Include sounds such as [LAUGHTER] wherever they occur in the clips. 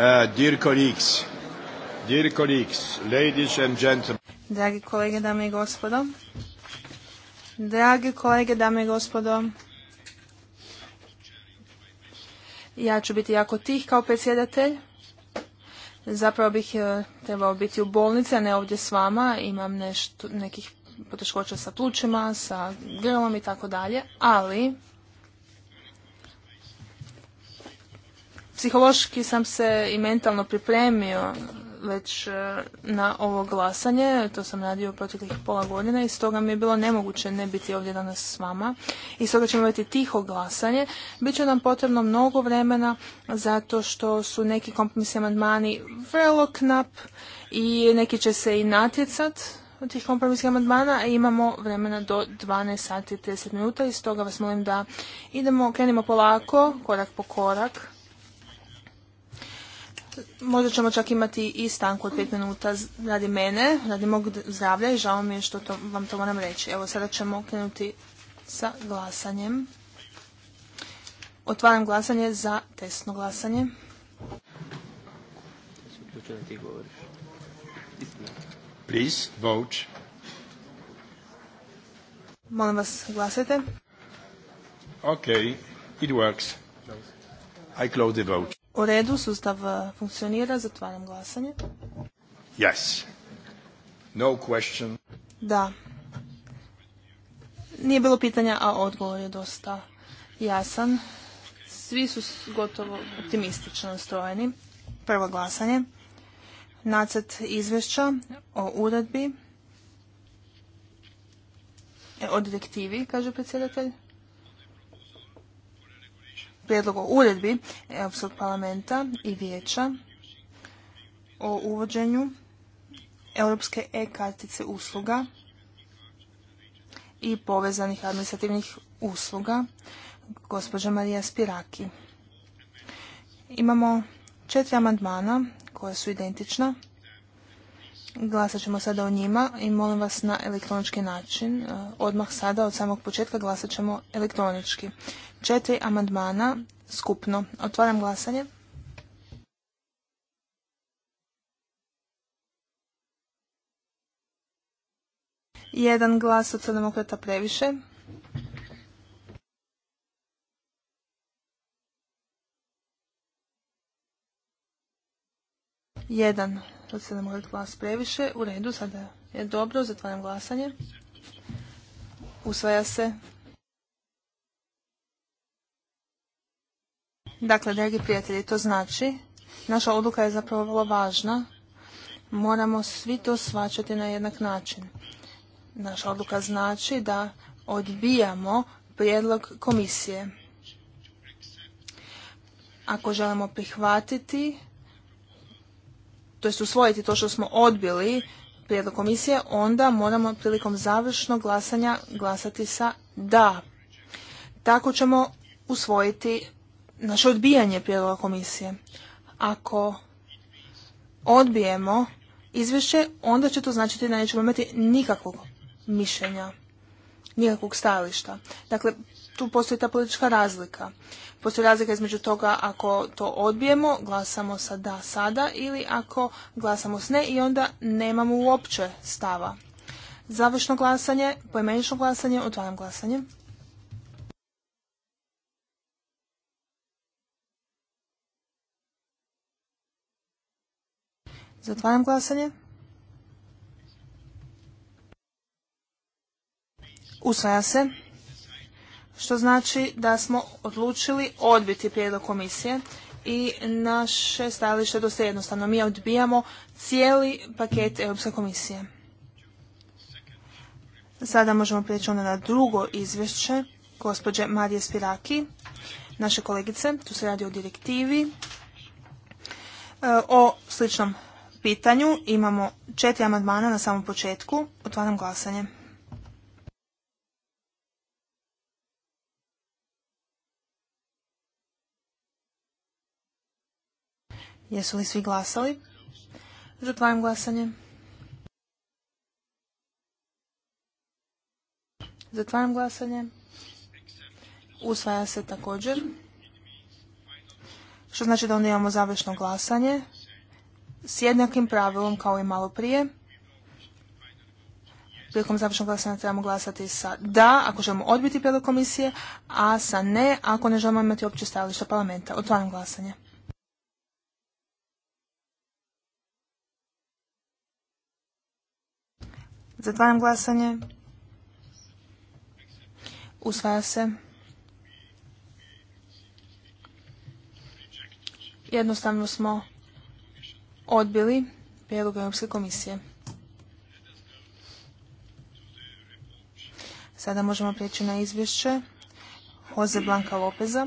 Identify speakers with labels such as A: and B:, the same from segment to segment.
A: Uh,
B: Dragi kolege, dame i gospodo. Dragi kolege, dame i gospodo. Ja ću biti jako tih kao predsjedatelj. Zapravo bih eh, trebao biti u bolnici, a ne ovdje s vama. Imam nešto, nekih poteškoća sa plućima, sa grlom i tako dalje. Ali, psihološki sam se i mentalno pripremio već e, na ovo glasanje, to sam radio proteklih pola godina i stoga mi je bilo nemoguće ne biti ovdje danas s vama i stoga ćemo imati tiho glasanje. Biće nam potrebno mnogo vremena zato što su neki kompromisni amandmani vrlo knap i neki će se i natjecat od tih kompromisnih amandmana imamo vremena do 12 sati i 30 minuta i stoga vas molim da idemo, krenimo polako, korak po korak Možda ćemo čak imati i stanku od 5 minuta radi mene, radi mog zdravlja i žao mi je što vam to moram reći. Evo sada ćemo krenuti sa glasanjem. Otvaram glasanje za testno glasanje.
A: Please vote.
B: Molim vas, glasajte.
A: Ok, it works. I close the vote.
B: U redu, sustav e, funkcionira, zatvaram glasanje.
A: Yes. No question.
B: Da. Nije bilo pitanja, a odgovor je dosta jasan. Svi su gotovo optimistično nastrojeni. Prvo glasanje. Nacet izvješća o uredbi, e, o direktivi, kaže predsjedatelj prijedlog o uredbi Europskog parlamenta i vijeća o uvođenju europske e-kartice usluga i povezanih administrativnih usluga gospođa Marija Spiraki. Imamo četiri amandmana koja su identična. Glasat ćemo sada o njima i molim vas na elektronički način. Odmah sada, od samog početka, glasat ćemo elektronički četiri amandmana skupno. Otvaram glasanje. Jedan glas od demokrata previše. Jedan od glas previše. U redu, sada je dobro. Zatvaram glasanje. Usvaja se Dakle, dragi prijatelji, to znači, naša odluka je zapravo vrlo važna. Moramo svi to svačati na jednak način. Naša odluka znači da odbijamo prijedlog komisije. Ako želimo prihvatiti, to jest usvojiti to što smo odbili prijedlog komisije, onda moramo prilikom završnog glasanja glasati sa da. Tako ćemo usvojiti naše odbijanje prijedloga komisije. Ako odbijemo izvješće, onda će to značiti da nećemo imati nikakvog mišljenja, nikakvog stajališta. Dakle, tu postoji ta politička razlika. Postoji razlika između toga ako to odbijemo, glasamo sa da sada ili ako glasamo s ne i onda nemamo uopće stava. Završno glasanje, poimenično glasanje, otvaram glasanje. Zatvaram glasanje. Usvaja se. Što znači da smo odlučili odbiti prijedlog komisije i naše stajalište je dosta jednostavno. Mi odbijamo cijeli paket Europske komisije. Sada možemo prijeći onda na drugo izvješće gospođe Marije Spiraki, naše kolegice. Tu se radi o direktivi e, o sličnom pitanju. Imamo četiri amandmana na samom početku. Otvaram glasanje. Jesu li svi glasali? Zatvaram glasanje. Zatvaram glasanje. Usvaja se također. Što znači da onda imamo završno glasanje s jednakim pravilom kao i malo prije. Prilikom završnog glasanja trebamo glasati sa da ako želimo odbiti prijedlog komisije, a sa ne ako ne želimo imati opće stajalište parlamenta. Otvaram glasanje. Zatvaram glasanje. Usvaja se. Jednostavno smo odbili prijedlog Europske komisije. Sada možemo prijeći na izvješće Jose Blanka Lopeza.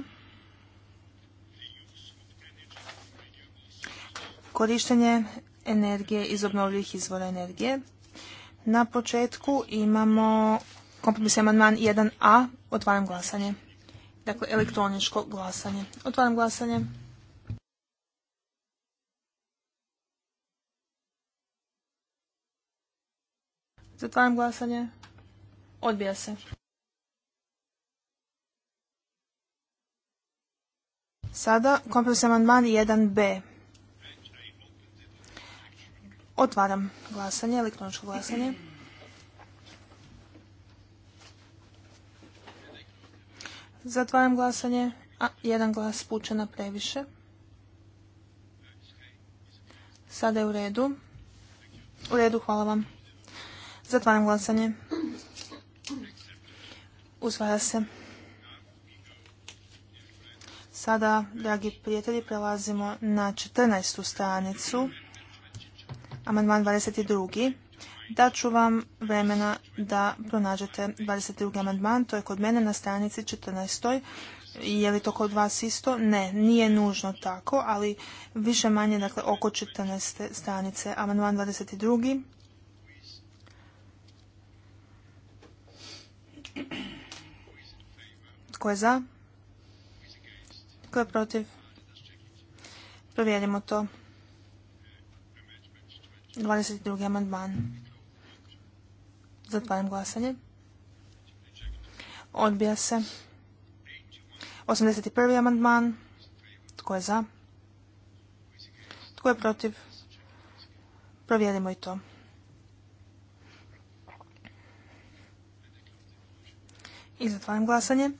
B: Korištenje energije iz obnovljivih izvora energije. Na početku imamo kompromisni amandman 1a. Otvaram glasanje. Dakle, elektroničko glasanje. Otvaram glasanje. Zatvaram glasanje. Odbija se. Sada Kompromis amandman 1b. Otvaram glasanje, elektroničko glasanje. Zatvaram glasanje. A, jedan glas na previše. Sada je u redu. U redu, hvala vam. Zatvaram glasanje. Usvaja se. Sada, dragi prijatelji, prelazimo na 14. stranicu, amandman 22. Daću vam vremena da pronađete 22. amandman, to je kod mene na stranici 14. Je li to kod vas isto? Ne, nije nužno tako, ali više manje, dakle, oko 14. stranice. Amandman 22. Tko je za? Tko je protiv? Provjerimo to. 22. amandman. Zatvaram glasanje. Odbija se. 81. amandman. Tko je za? Tko je protiv? Provjerimo i to. I zatvaram glasanje.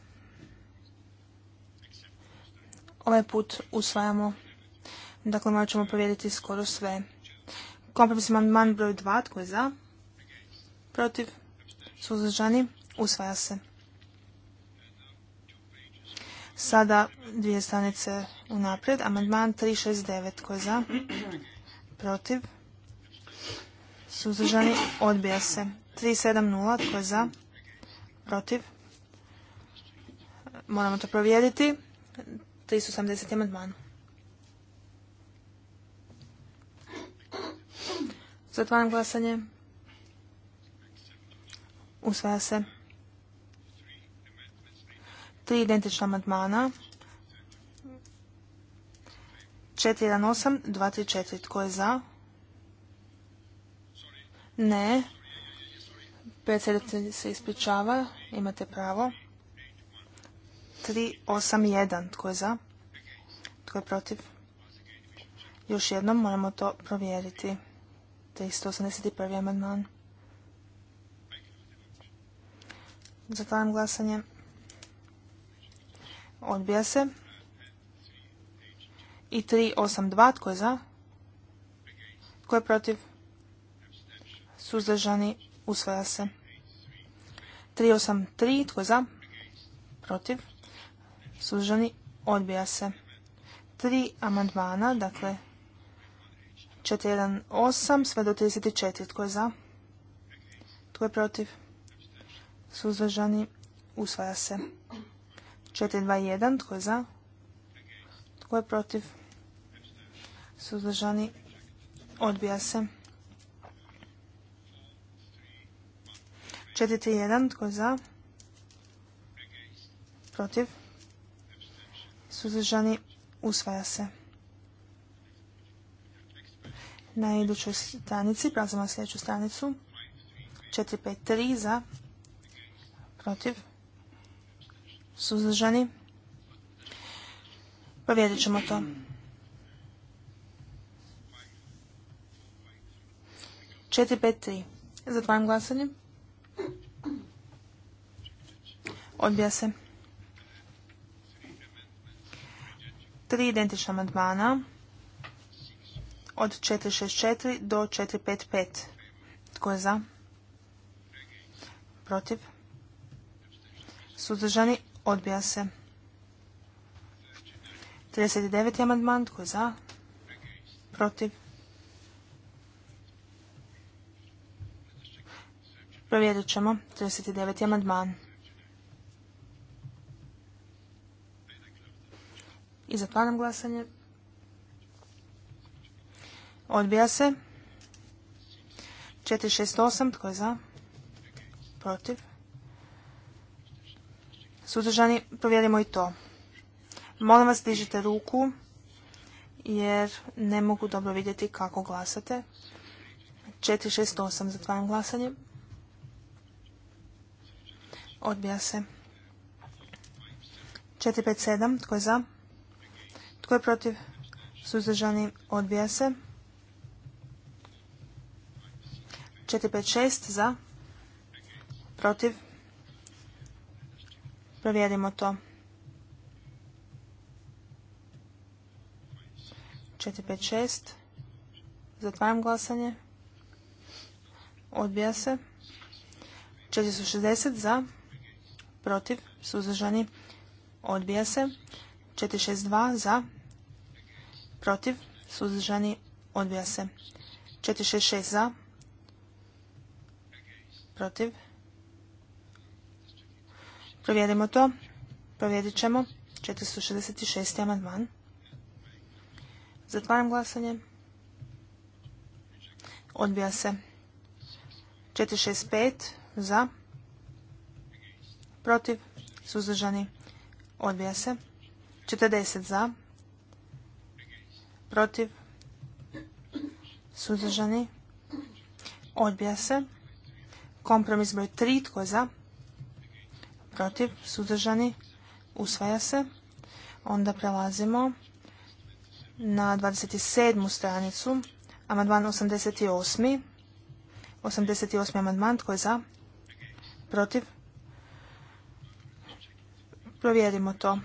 B: Ovaj put usvajamo. Dakle, morat ćemo povijediti skoro sve. Kompromis man broj 2. Tko je za? Protiv? Suzdržani? Usvaja se. Sada dvije stranice unaprijed. Amandman 369. Tko je za? Protiv? Suzdržani? Odbija se. 370. Tko je za? Protiv? Moramo to provjeriti. 380. amandman. Zatvaram glasanje. Usvaja se. Tri identična amandmana. 418, 234. Tko je za? Ne. Predsjedatelj se ispričava. Imate pravo. 381. Tko je za? Tko je protiv? Još jednom moramo to provjeriti. 381. amandman. Zatvaram glasanje. Odbija se. I 382. Tko je za? Tko je protiv? Suzdržani. Usvaja se. 383. Tko je za? Protiv suzdržani, odbija se. Tri amandmana, dakle 418 sve do 34. Tko je za? Tko je protiv? Suzdržani, usvaja se. 421, tko je za? Tko je protiv? Suzdržani, odbija se. 431, tko je za? Protiv? suzdržani, usvaja se. Na idućoj stranici, prelazimo na sljedeću stranicu, 453 za, protiv, suzdržani. Povjerit ćemo to. Četiri, pet, tri. Zatvaram glasanje. Odbija se. Tri identična amandmana od 464 do 455. Tko je za? Protiv? Suzdržani? Odbija se. 39. amandman. Tko je za? Protiv? Provjerit ćemo. 39. amandman. I zatvaram glasanje. Odbija se. 468. Tko je za? Protiv. Suzdržani, provjerimo i to. Molim vas, dižite ruku, jer ne mogu dobro vidjeti kako glasate. 468. Zatvaram glasanje. Odbija se. 457. Tko je za? Tko je protiv? Suzdržani odbija se. 456 za. Protiv. Provjerimo to. 456. Zatvaram glasanje. Odbija se. 460 za. Protiv. Suzdržani. Odbija se. 462 za, protiv, suzdržani, odbija se. 466 za, protiv. Provjerimo to. Provjerit ćemo. 466. amandman. Zatvaram glasanje. Odbija se. 465 za, protiv, suzdržani, odbija se. 40 za, protiv, suzdržani, odbija se. Kompromis broj 3, tko je za, protiv, suzdržani, usvaja se. Onda prelazimo na 27. stranicu, amandman 88. 88. amandman, tko je za, protiv, provjerimo to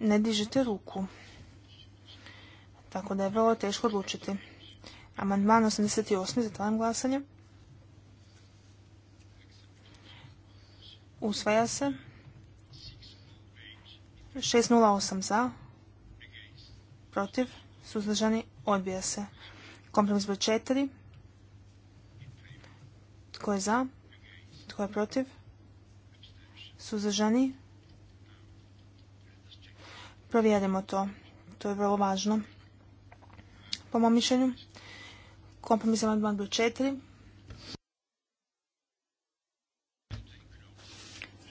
B: ne dižete ruku. Tako da je vrlo teško odlučiti. Amandman 88. Zatvaram glasanje. Usvaja se. 608 za. Protiv. Suzdržani. Odbija se. Kompromis broj 4. Tko je za? Tko je protiv? Suzdržani. Provjerimo to. To je vrlo važno. Po mom mišljenju. Kompromis amandman broj 4.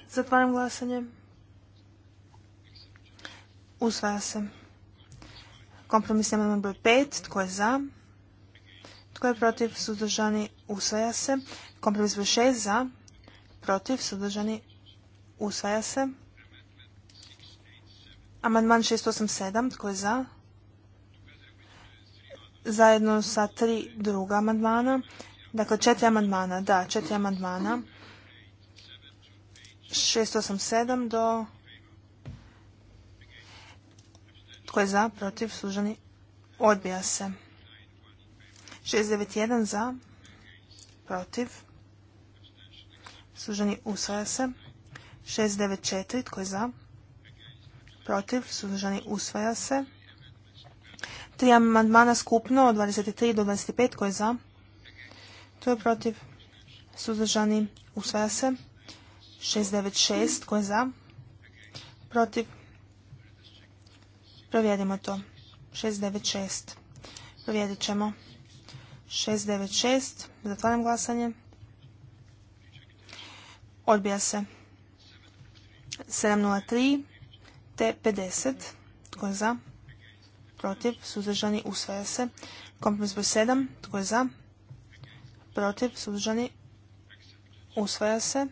B: Zatvaram glasanje. Usvaja se. Kompromis amandman broj 5. Tko je za? Tko je protiv? Suzdržani. Usvaja se. Kompromis broj 6. Za. Protiv. Suzdržani. Usvaja se. Amandman 687, tko je za? Zajedno sa tri druga amandmana. Dakle, četiri amandmana, da, četiri amandmana. 687 do... Tko je za, protiv, služeni, odbija se. 691 za, protiv, suženi usvaja se. 694, tko je za, protiv, suzdržani, usvaja se. Tri amandmana skupno od 23 do 25 koje je za, to je protiv, suzdržani, usvaja se. 696 koje je za, protiv, provjerimo to. 696. Provjerit ćemo. 696. Zatvaram glasanje. Odbija se. 703 te 50. Tko je za? Protiv. Suzdržani. Usvaja se. Kompromis broj 7. Tko je za? Protiv. Suzdržani. Usvaja se.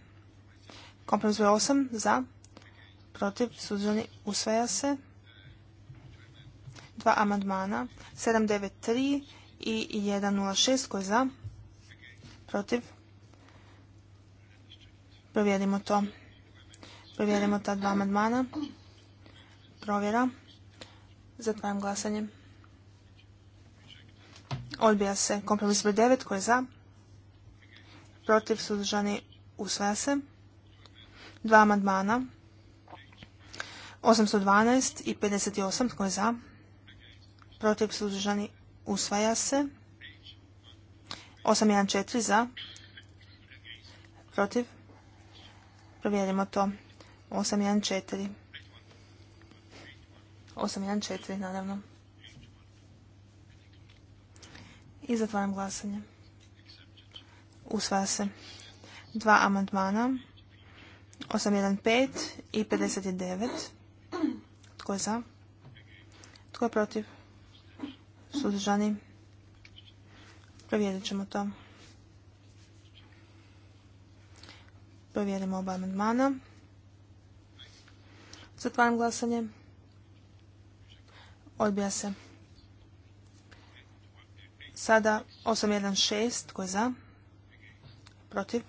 B: Kompromis broj 8. Za. Protiv. Suzdržani. Usvaja se. Dva amandmana. 793 i 106. Tko je za? Protiv. Provjerimo to. Provjerimo ta dva amandmana. Provjera. Zatvaram glasanje. Odbija se kompromis broj 9 koji je za. Protiv suzdržani usvaja se. Dva amandmana. 812 i 58 tko je za. Protiv suzdržani usvaja se. 814 za. Protiv. Provjerimo to. 814. 814, naravno. I zatvaram glasanje. Usvaja se. Dva amandmana. 815 i 59. Tko je za? Tko je protiv? Suzdržani? Provjerit ćemo to. Provjerimo oba amandmana. Zatvaram glasanje. Odbija se. Sada 816, tko je za? Protiv?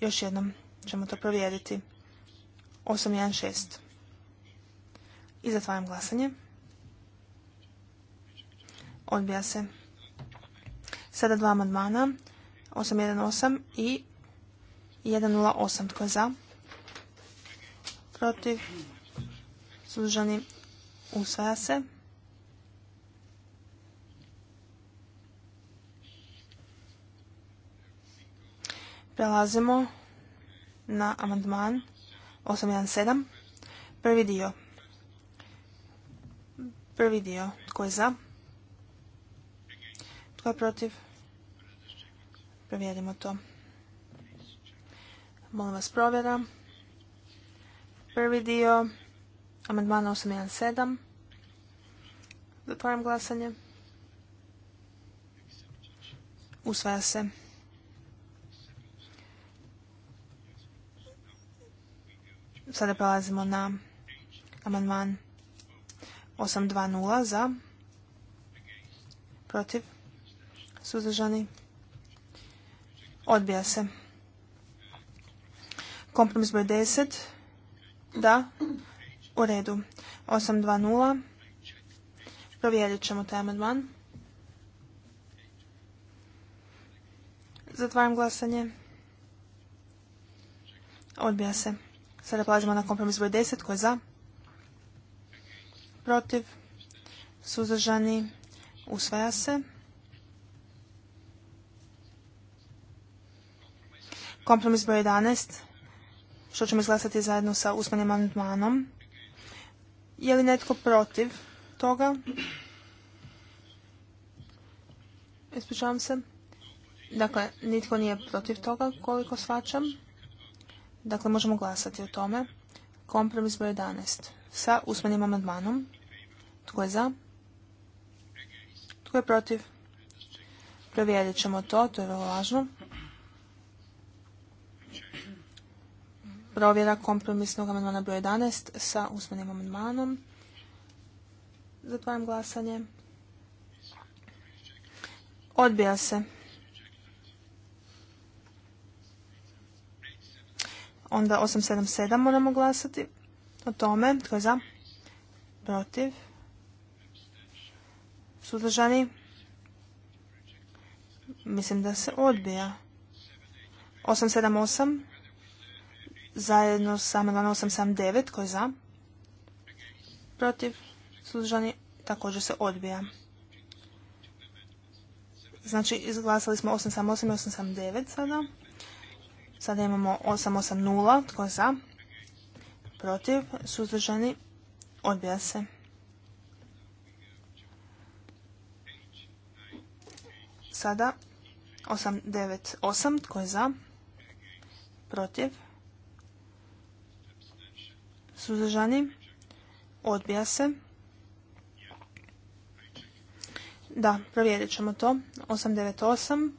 B: Još jednom ćemo to provjeriti. 816. I zatvaram glasanje. Odbija se. Sada dva amandmana. 818 i 108. Tko je za? Protiv? suzdržani, usvaja se. Prelazimo na amandman 817. Prvi dio. Prvi dio. Tko je za? Tko je protiv? Provjerimo to. Molim vas provjera. Prvi dio Amandman 817. Zatvaram glasanje. Usvaja se. Sada prelazimo na amandman 820 za protiv suzdržani odbija se kompromis broj 10 da u redu. 820. Provjerit ćemo taj amandman. Zatvaram glasanje. Odbija se. Sada prelazimo na kompromis broj 10. Ko je za? Protiv? Suzdržani? Usvaja se. Kompromis broj 11. Što ćemo izglasati zajedno sa usmenim amandmanom. Je li netko protiv toga? Ispričavam se. Dakle, nitko nije protiv toga, koliko svačam. Dakle, možemo glasati o tome. Kompromis broj 11. Sa usmenim amandmanom. Tko je za? Tko je protiv? Provjerit ćemo to, to je vrlo važno. provjera kompromisnog amandmana broj 11 sa usmenim amandmanom. Zatvaram glasanje. Odbija se. Onda 877 moramo glasati. O tome. Tko je za? Protiv. Suzdržani. Mislim da se odbija. 878 zajedno sa amandmanom 879 koji je za, protiv, suzdržani, također se odbija. Znači, izglasali smo 878 i 879 sada. Sada imamo 880, tko je za, protiv, suzdržani, odbija se. Sada 898, tko je za, protiv, Suzdržani? Odbija se. Da, provjerit ćemo to. 898.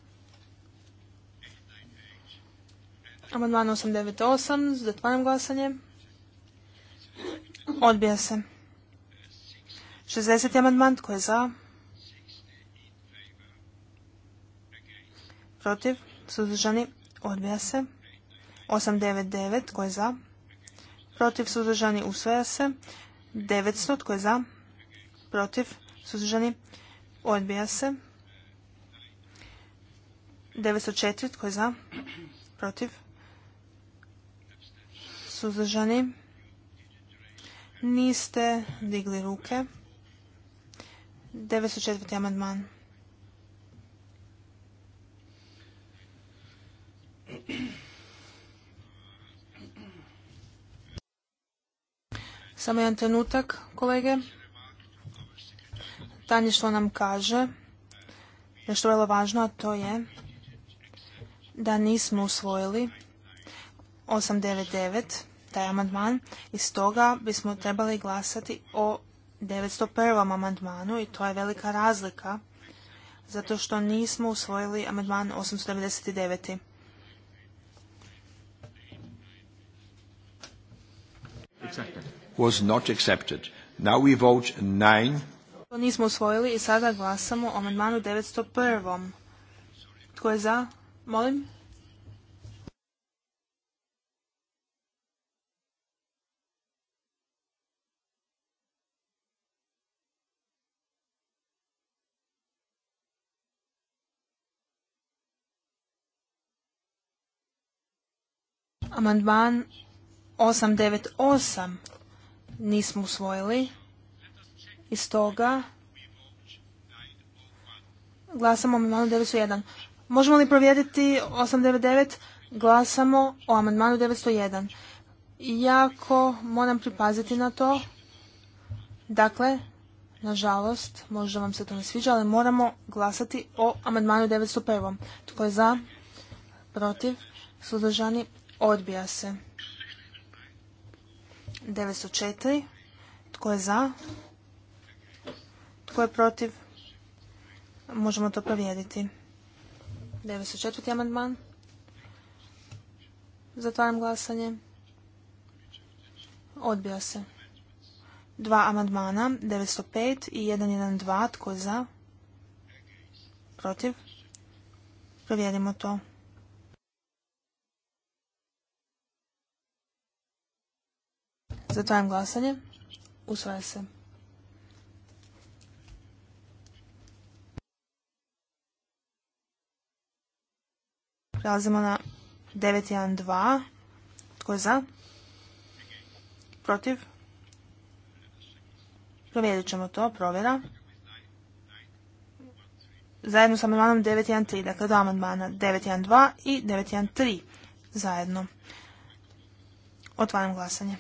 B: Amandman 898. Zatvaram glasanje. Odbija se. 60. amandman. Tko je za? Protiv? Suzdržani? Odbija se. 899. Tko je za? protiv, suzdržani, usvaja se. 900, tko je za, protiv, suzdržani, odbija se. 904, tko je za, protiv, suzdržani, niste digli ruke. 904. amandman. you. Samo jedan trenutak, kolege. što nam kaže nešto vrlo važno, a to je da nismo usvojili 899, taj amandman, i stoga bismo trebali glasati o 901. amandmanu i to je velika razlika zato što nismo usvojili amandman 899.
A: Exactly was not accepted. Now we vote nine.
B: To nismo usvojili i sada glasamo o amandmanu 901. Tko je za? Molim. Amandman 898 nismo usvojili. I stoga glasamo o amandmanu 901. Možemo li provjeriti 899? Glasamo o amandmanu 901. Jako moram pripaziti na to. Dakle, nažalost, možda vam se to ne sviđa, ali moramo glasati o amandmanu 901. Tko je za? Protiv? Suzdržani? Odbija se. 904. Tko je za? Tko je protiv? Možemo to provjeriti. 904. amandman. Zatvaram glasanje. Odbija se. Dva amandmana, 905 i 112. Tko je za? Protiv? Provjerimo to. Zatvajam glasanje. Usvaja se. Prelazimo na 912. Tko je za? Protiv? Provjerit ćemo to. Provjera. Zajedno sa amandmanom 913. Dakle, dva amandmana. 912 i 913. Zajedno. Otvaram glasanje.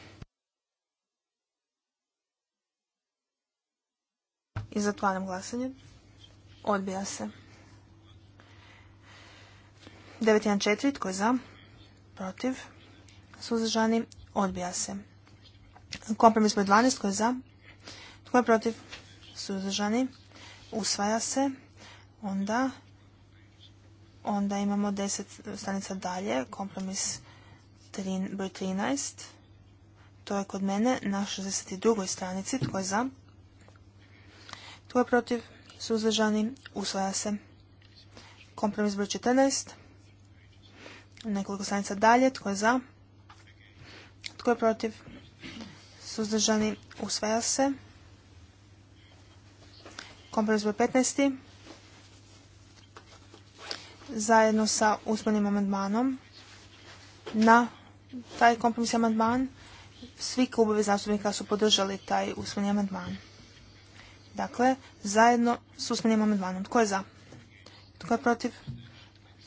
B: I zatvaram glasanje. Odbija se. 914. Tko je za? Protiv. Suzdržani. Odbija se. Kompromis broj 12. Tko je za? Tko je protiv? Suzdržani. Usvaja se. Onda onda imamo 10 stranica dalje. Kompromis broj 13. To je kod mene na 62. stranici. Tko je za? Tko je protiv? Suzdržani? Usvaja se. Kompromis broj 14. Nekoliko stranica dalje. Tko je za? Tko je protiv? Suzdržani? Usvaja se. Kompromis broj 15. Zajedno sa usmenim amandmanom na taj kompromis amandman. Svi klubovi zastupnika su podržali taj usmeni amandman. Dakle, zajedno s usmenim amandmanom. Tko je za? Tko je protiv?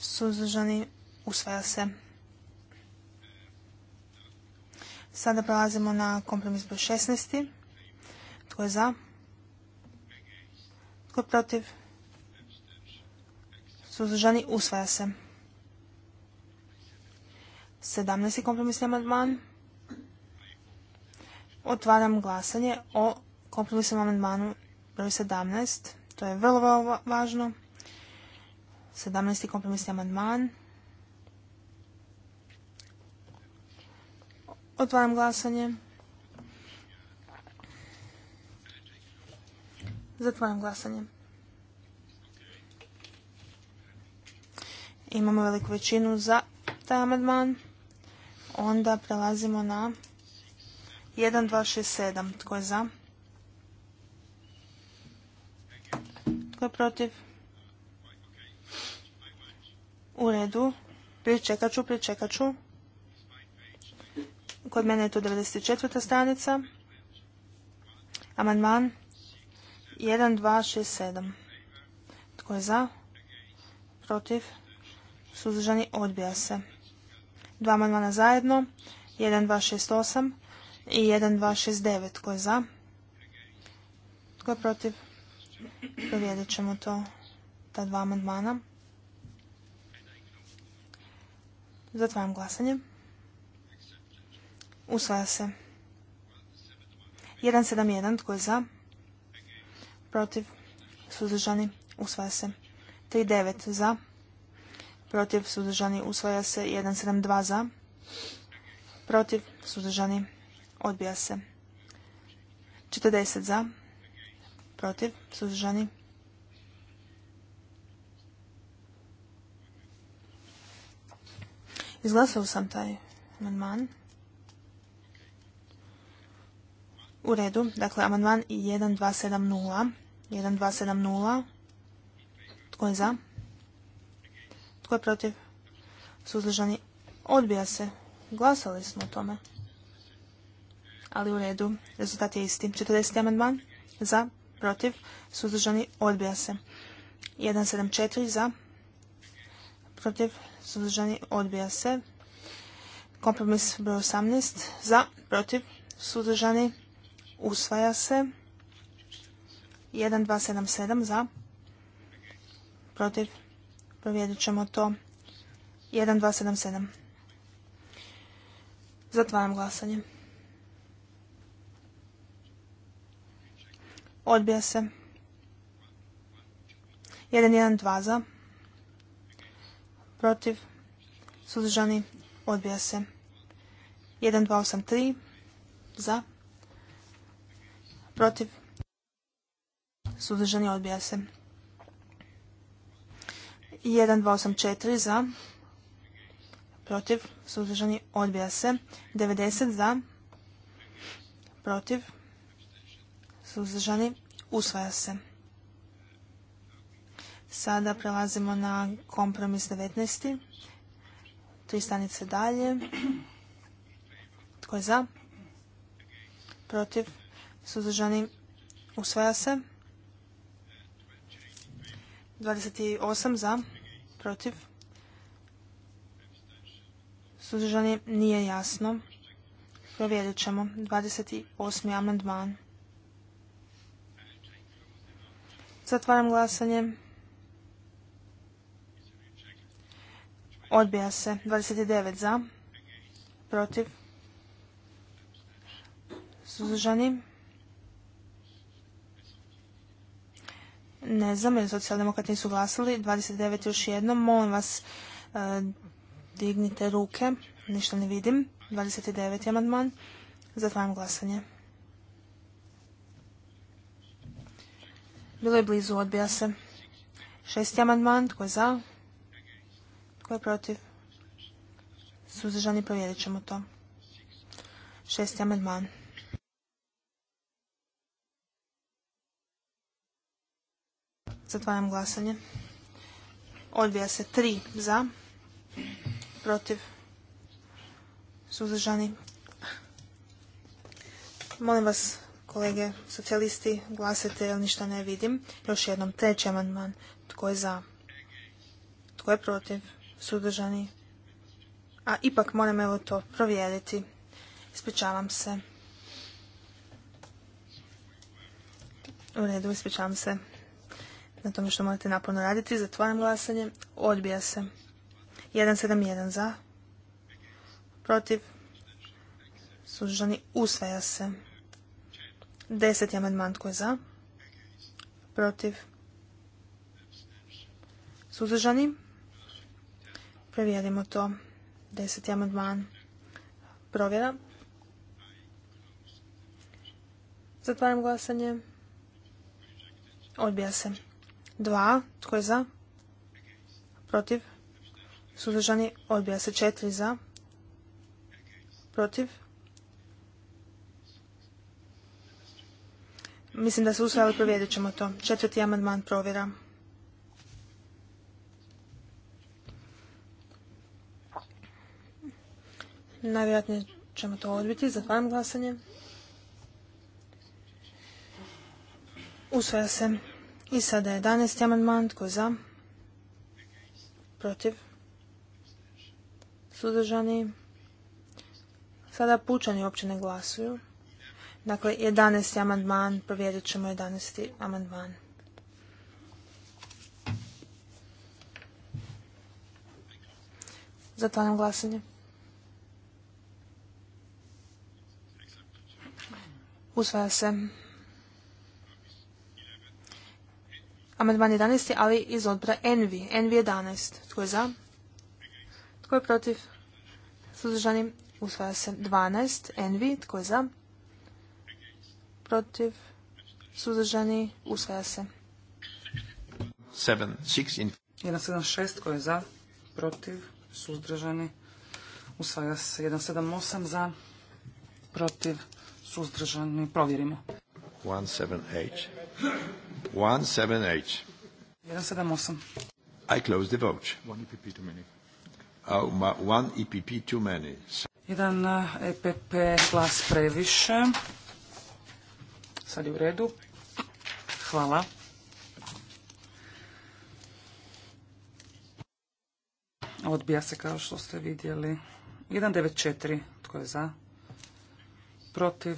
B: Suzdržani usvaja se. Sada prelazimo na kompromis broj 16. Tko je za? Tko je protiv? Suzdržani usvaja se. 17. kompromisni amandman. Otvaram glasanje o kompromisnom amandmanu broj 17, to je vrlo vrlo važno. 17. kompromisni amandman. Otvaram glasanje. Zatvaram glasanje. Imamo veliku većinu za taj amandman. Onda prelazimo na 1, 2, 6, 7. Tko je za? Tko je protiv? U redu. Pričekat ću, Kod mene je to 94. stranica. Amandman 1267. Tko je za? Protiv? Suzdržani odbija se. Dva amandmana zajedno. 1268 i 1269. Tko je za? Tko je protiv? Provjerit ćemo to, ta dva amandmana. Zatvaram glasanje. Usvaja se. 171, tko je za? Protiv? Suzdržani? Usvaja se. 39 za. Protiv? Suzdržani? Usvaja se. 172 za. Protiv? Suzdržani? Odbija se. 40 za protiv, suzdržani. Izglasao sam taj amandman. U redu, dakle, amandman 1270. 1270. Tko je za? Tko je protiv? Suzdržani. Odbija se. Glasali smo o tome. Ali u redu, rezultat je isti. 40. amandman. Za, protiv, suzdržani, odbija se. 174 za, protiv, suzdržani, odbija se. Kompromis broj 18 za, protiv, suzdržani, usvaja se. 1277 za, protiv, provjerit ćemo to. 1277. Zatvaram glasanje. Odbija se. 1-1-2 za. Protiv. Suzdržani. Odbija se. 1-2-8-3 za. Protiv. Suzdržani. Odbija se. 1-2-8-4 za. Protiv. Suzdržani. Odbija se. 90 za. Protiv suzdržani, usvaja se. Sada prelazimo na kompromis 19. Tri stanice dalje. Tko je za? Protiv? Suzdržani? Usvaja se. 28 za? Protiv? Suzdržani? Nije jasno. Provjerit ćemo. 28. amandman. Zatvaram glasanje. Odbija se. 29 za. Protiv. Suzdržani. Ne znam, jer socijaldemokrati nisu glasali. 29 još jednom. Molim vas, e, dignite ruke. Ništa ne vidim. 29. amandman. Zatvaram glasanje. Bilo je blizu, odbija se. Šesti amandman, tko je za? Tko je protiv? Suzdržani provjerit ćemo to. Šesti amandman. Zatvaram glasanje. Odbija se tri za, protiv, suzdržani. Molim vas, Kolege socijalisti, glasajte jer ništa ne vidim. Još jednom, treći amandman. Tko je za? Tko je protiv? Sudržani? A ipak moram evo to provjeriti. Ispričavam se. U redu, ispričavam se na tome što morate naporno raditi. Zatvaram glasanje. Odbija se. 171 za. Protiv. Suzdržani usvaja se. Deseti amandman tko je za? Protiv? Suzdržani? Provjerimo to. Deseti amandman. Provjera. Zatvaram glasanje. Odbija se. Dva. Tko je za? Protiv? Suzdržani? Odbija se. Četiri za? Protiv? Mislim da se usvajali, provjerit ćemo to. Četvrti amandman provjera. Najvjerojatnije ćemo to odbiti. Zatvaram glasanje. Usvaja se. I sada je 11. amandman. Tko je za? Protiv? Sudržani? Sada pučani uopće ne glasuju. Dakle, 11. amandman, provjerit ćemo 11. amandman. Zatvaram glasanje. Usvaja se. Amandman 11. ali iz odbora Envi. Envi 11. Tko je za? Tko je protiv? Suzdržani. Usvaja se 12. Envi. Tko je za? protiv,
C: suzdržani, usvaja se.
A: 176
C: koji je za, protiv, suzdržani, usvaja se. 178 za, protiv, suzdržani, provjerimo.
A: 178. 178.
C: 178.
A: I close the vote. One EPP too many. Oh, ma, one EPP too many.
C: Jedan EPP eh, e glas previše. Sad je u redu. Hvala. Odbija se kao što ste vidjeli. 194. Tko je za? Protiv?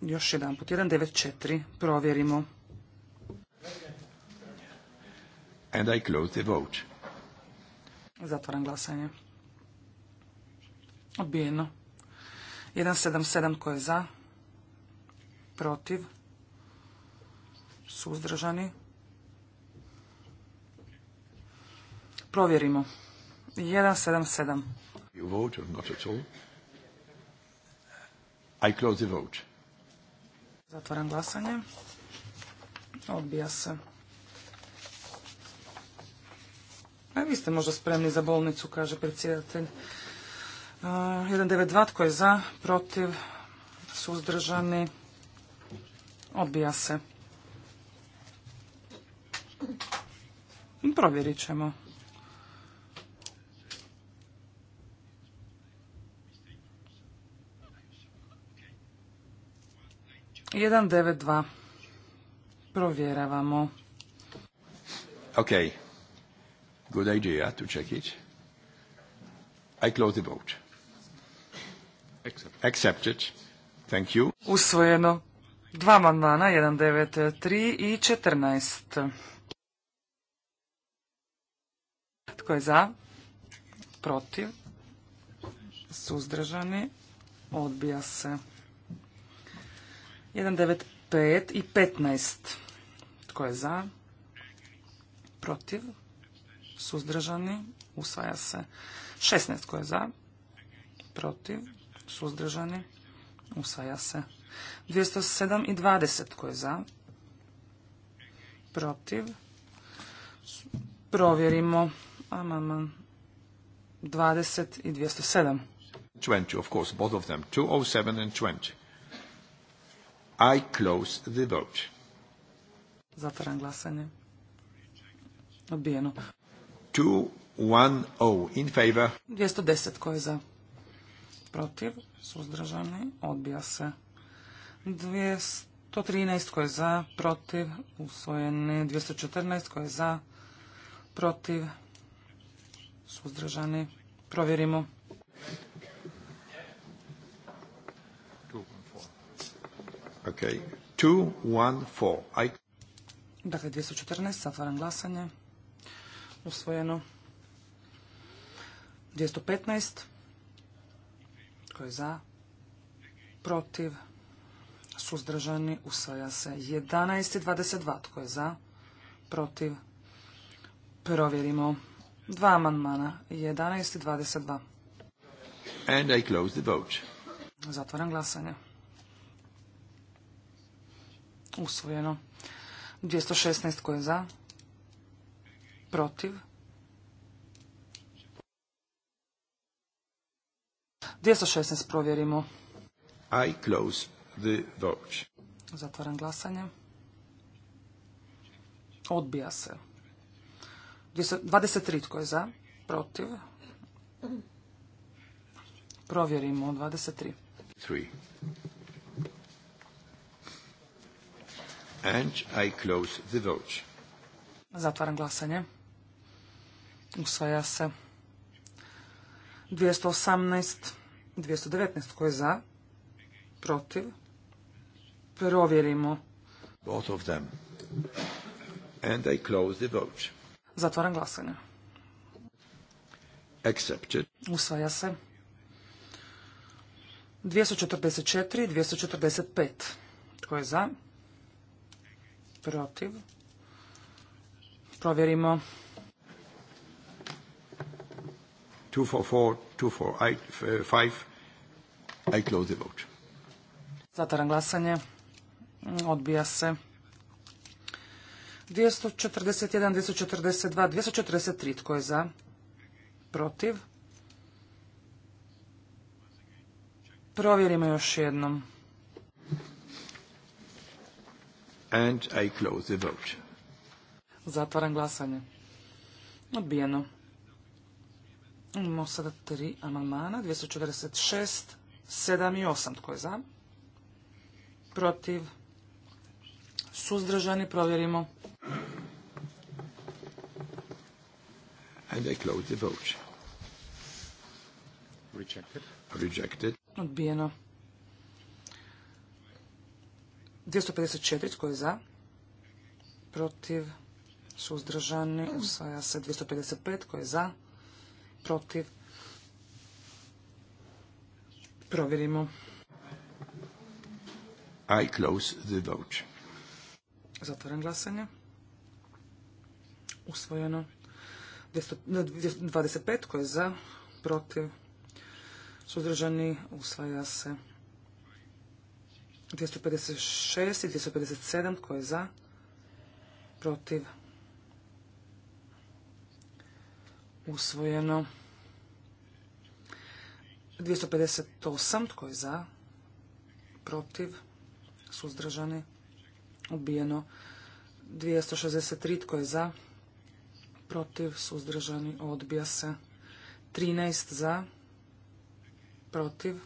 C: Još jedan put. 194. Provjerimo. And Zatvaram glasanje. Odbijeno. 177. Tko je za? protiv, suzdržani. Provjerimo. 177.
A: You vote or not at all? I close the vote.
C: Zatvaram glasanje. Odbija se. A e, vi ste možda spremni za bolnicu, kaže predsjedatelj. Uh, e, 192, tko je za, protiv, suzdržani, Odbija se. Provjerit ćemo. Jedan devet dva. Provjeravamo.
A: Ok. Good idea to check it. I close the vote. Accepted. Thank you.
C: Usvojeno. Dva mandmana, 193 i 14. Tko je za? Protiv? Suzdržani? Odbija se. 195 i 15. Tko je za? Protiv? Suzdržani? Usvaja se. 16. Tko je za? Protiv? Suzdržani? Usvaja se. 207 i 20 tko je za? Protiv. Provjerimo amandman 20 i 207.
A: 20, of course, both of them, 207 and 20. I close the vote.
C: Zatvaram glasanje. Odbijeno.
A: 210 in favor.
C: 210 ko za? Protiv, suzdržani, odbija se. 213 koje je za, protiv, usvojene. 214 koje je za, protiv, suzdržani. Provjerimo.
A: Ok, 214. I...
C: Dakle, 214, zatvaram glasanje. Usvojeno. 215. Tko je za? Protiv? suzdržani, usvaja se. 11.22, tko je za, protiv, provjerimo. Dva manmana. 11.22.
A: And I close the vote.
C: Zatvaram glasanje. Usvojeno. 216 tko je za. Protiv. 216 provjerimo.
A: I close the
C: vote. Zatvaram glasanje. Odbija se. 23 tko je za, protiv. Provjerimo 23.
A: 3. And I close the vote.
C: Zatvaram glasanje. Usvaja se. 218, 219 tko je za, protiv provjerimo.
A: Both of them. And I close the vote.
C: Zatvaram glasanje.
A: Accepted.
C: Usvaja se. 244 i 245. Tko je za? Protiv. Provjerimo.
A: 244, 245. I close the vote.
C: Zatvaram glasanje. Odbija se. 241, 242, 243. Tko je za? Protiv? Provjerimo još jednom.
A: And I close vote.
C: Zatvaram glasanje. Odbijeno. Imamo sada tri amandmana. 246, 7 i 8. Tko je za? Protiv? suzdržani, provjerimo.
A: And I close the vote. Rejected. Rejected.
C: Odbijeno. 254, tko je za? Protiv, suzdržani, usvaja se 255, tko je za? Protiv, provjerimo.
A: I close the vote.
C: Zatvoren glasanje. Usvojeno. 25 koje je za, protiv, suzdržani, usvaja se. 256 i 257 koje je za, protiv, usvojeno. 258 koje je za, protiv, suzdržani, Ubijeno 263. Tko je za? Protiv. Suzdržani. Odbija se. 13 za. Protiv.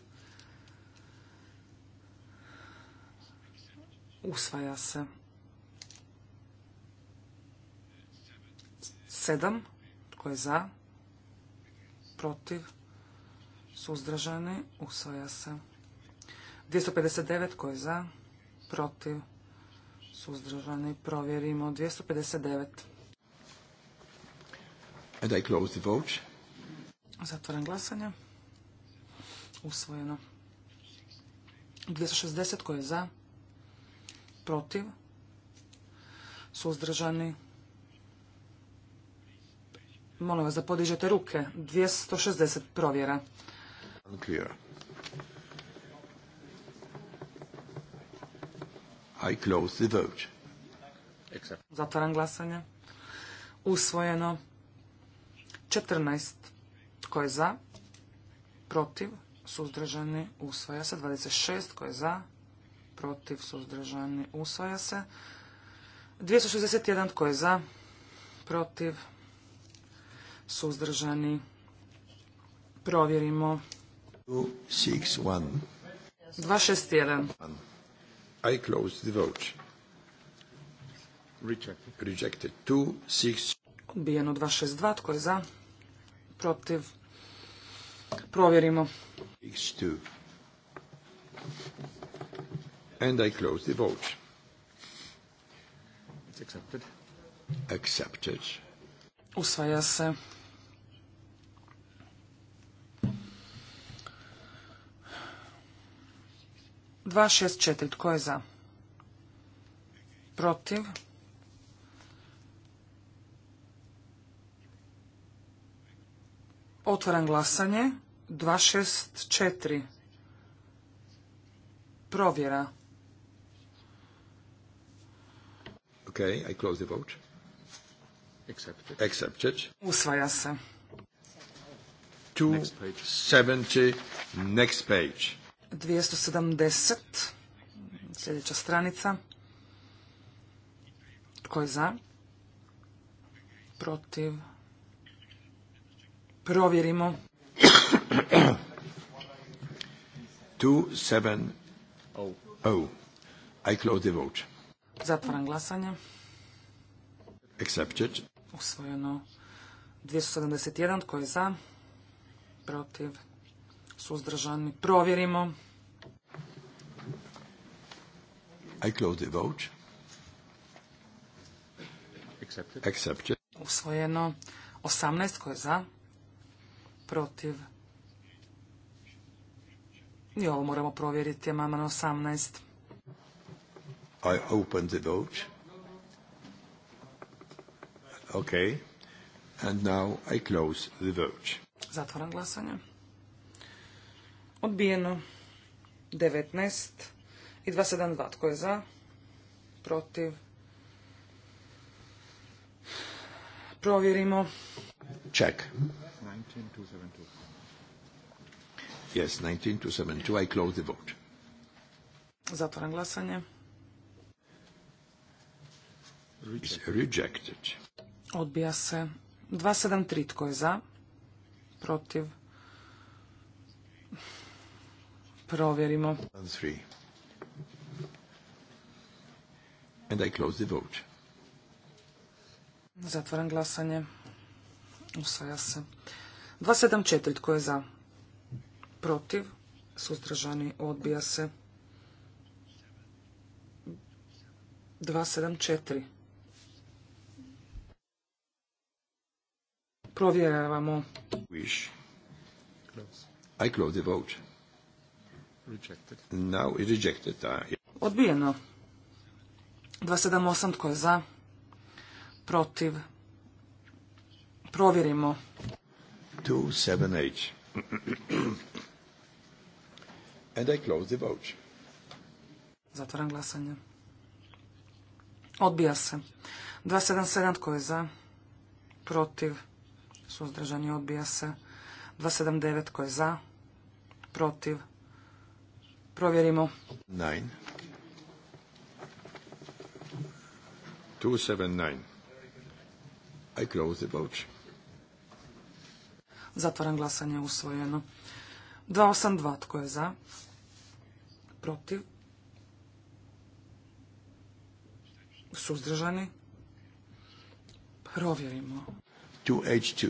C: Usvaja se. 7. Tko je za? Protiv. Suzdržani. Usvaja se. 259. Tko je za? Protiv suzdržani, provjerimo 259.
A: And I close the vote.
C: Zatvoren glasanje. Usvojeno. 260 koje je za, protiv, suzdržani. Molim vas da podižete ruke. 260 provjera.
A: Unclear. I close the vote.
C: Zatvaram glasanje. Usvojeno. 14. Tko je za? Protiv? Suzdržani? Usvaja se. 26. Tko je za? Protiv? Suzdržani? Usvaja se. 261. Tko je za? Protiv? Suzdržani? Provjerimo.
A: 261.
C: 261.
A: I close the vote. Rejected. Rejected. Two,
C: six. Odbijeno 262. Tko je za? Protiv? Provjerimo.
A: Six, two. And I close the vote. It's accepted. Accepted.
C: Usvaja se. 264. Tko je za? Protiv? Otvaram glasanje. 264. Provjera.
A: Okay, I close the vote. Accepted. Accepted.
C: Usvaja se.
A: 270. Next page.
C: 270, sljedeća stranica. Tko je za? Protiv? Provjerimo.
A: 270. I close the vote.
C: Zatvaram glasanje. Accepted. Usvojeno. 271. Tko je za? Protiv? suzdržani. Provjerimo.
A: I close the vote. Accepted. Accepted.
C: Usvojeno. 18 koje za, protiv. I ovo moramo provjeriti, amandman 18.
A: I open the vote. Okay. And now I close the vote.
C: Zatvoram glasanje. Odbijeno. 19 i 272. Tko je za? Protiv? Provjerimo.
A: Check. 19272. Yes, 19272. I close the vote.
C: Zatvoram glasanje.
A: Rejected.
C: Odbija se. 273. Tko je za? Protiv? provjerimo.
A: And I close the vote.
C: Zatvaram glasanje. Usvaja se. 274. Tko je za? Protiv. Suzdržani. Odbija se. 274. Provjeravamo. Wish.
A: I close the vote. Uh,
C: Odbijeno. 278 tko je za? Protiv. Provjerimo.
A: 278. [CLEARS THROAT] And I close the vote.
C: Zatvaram glasanje. Odbija se. 277 tko je za? Protiv. Suzdržani odbija se. 279 tko je za? Protiv provjerimo.
A: 9. 279. I close the vote.
C: Zatvoran glasanje usvojeno. 282 tko je za? Protiv? Suzdržani? Provjerimo.
A: 282.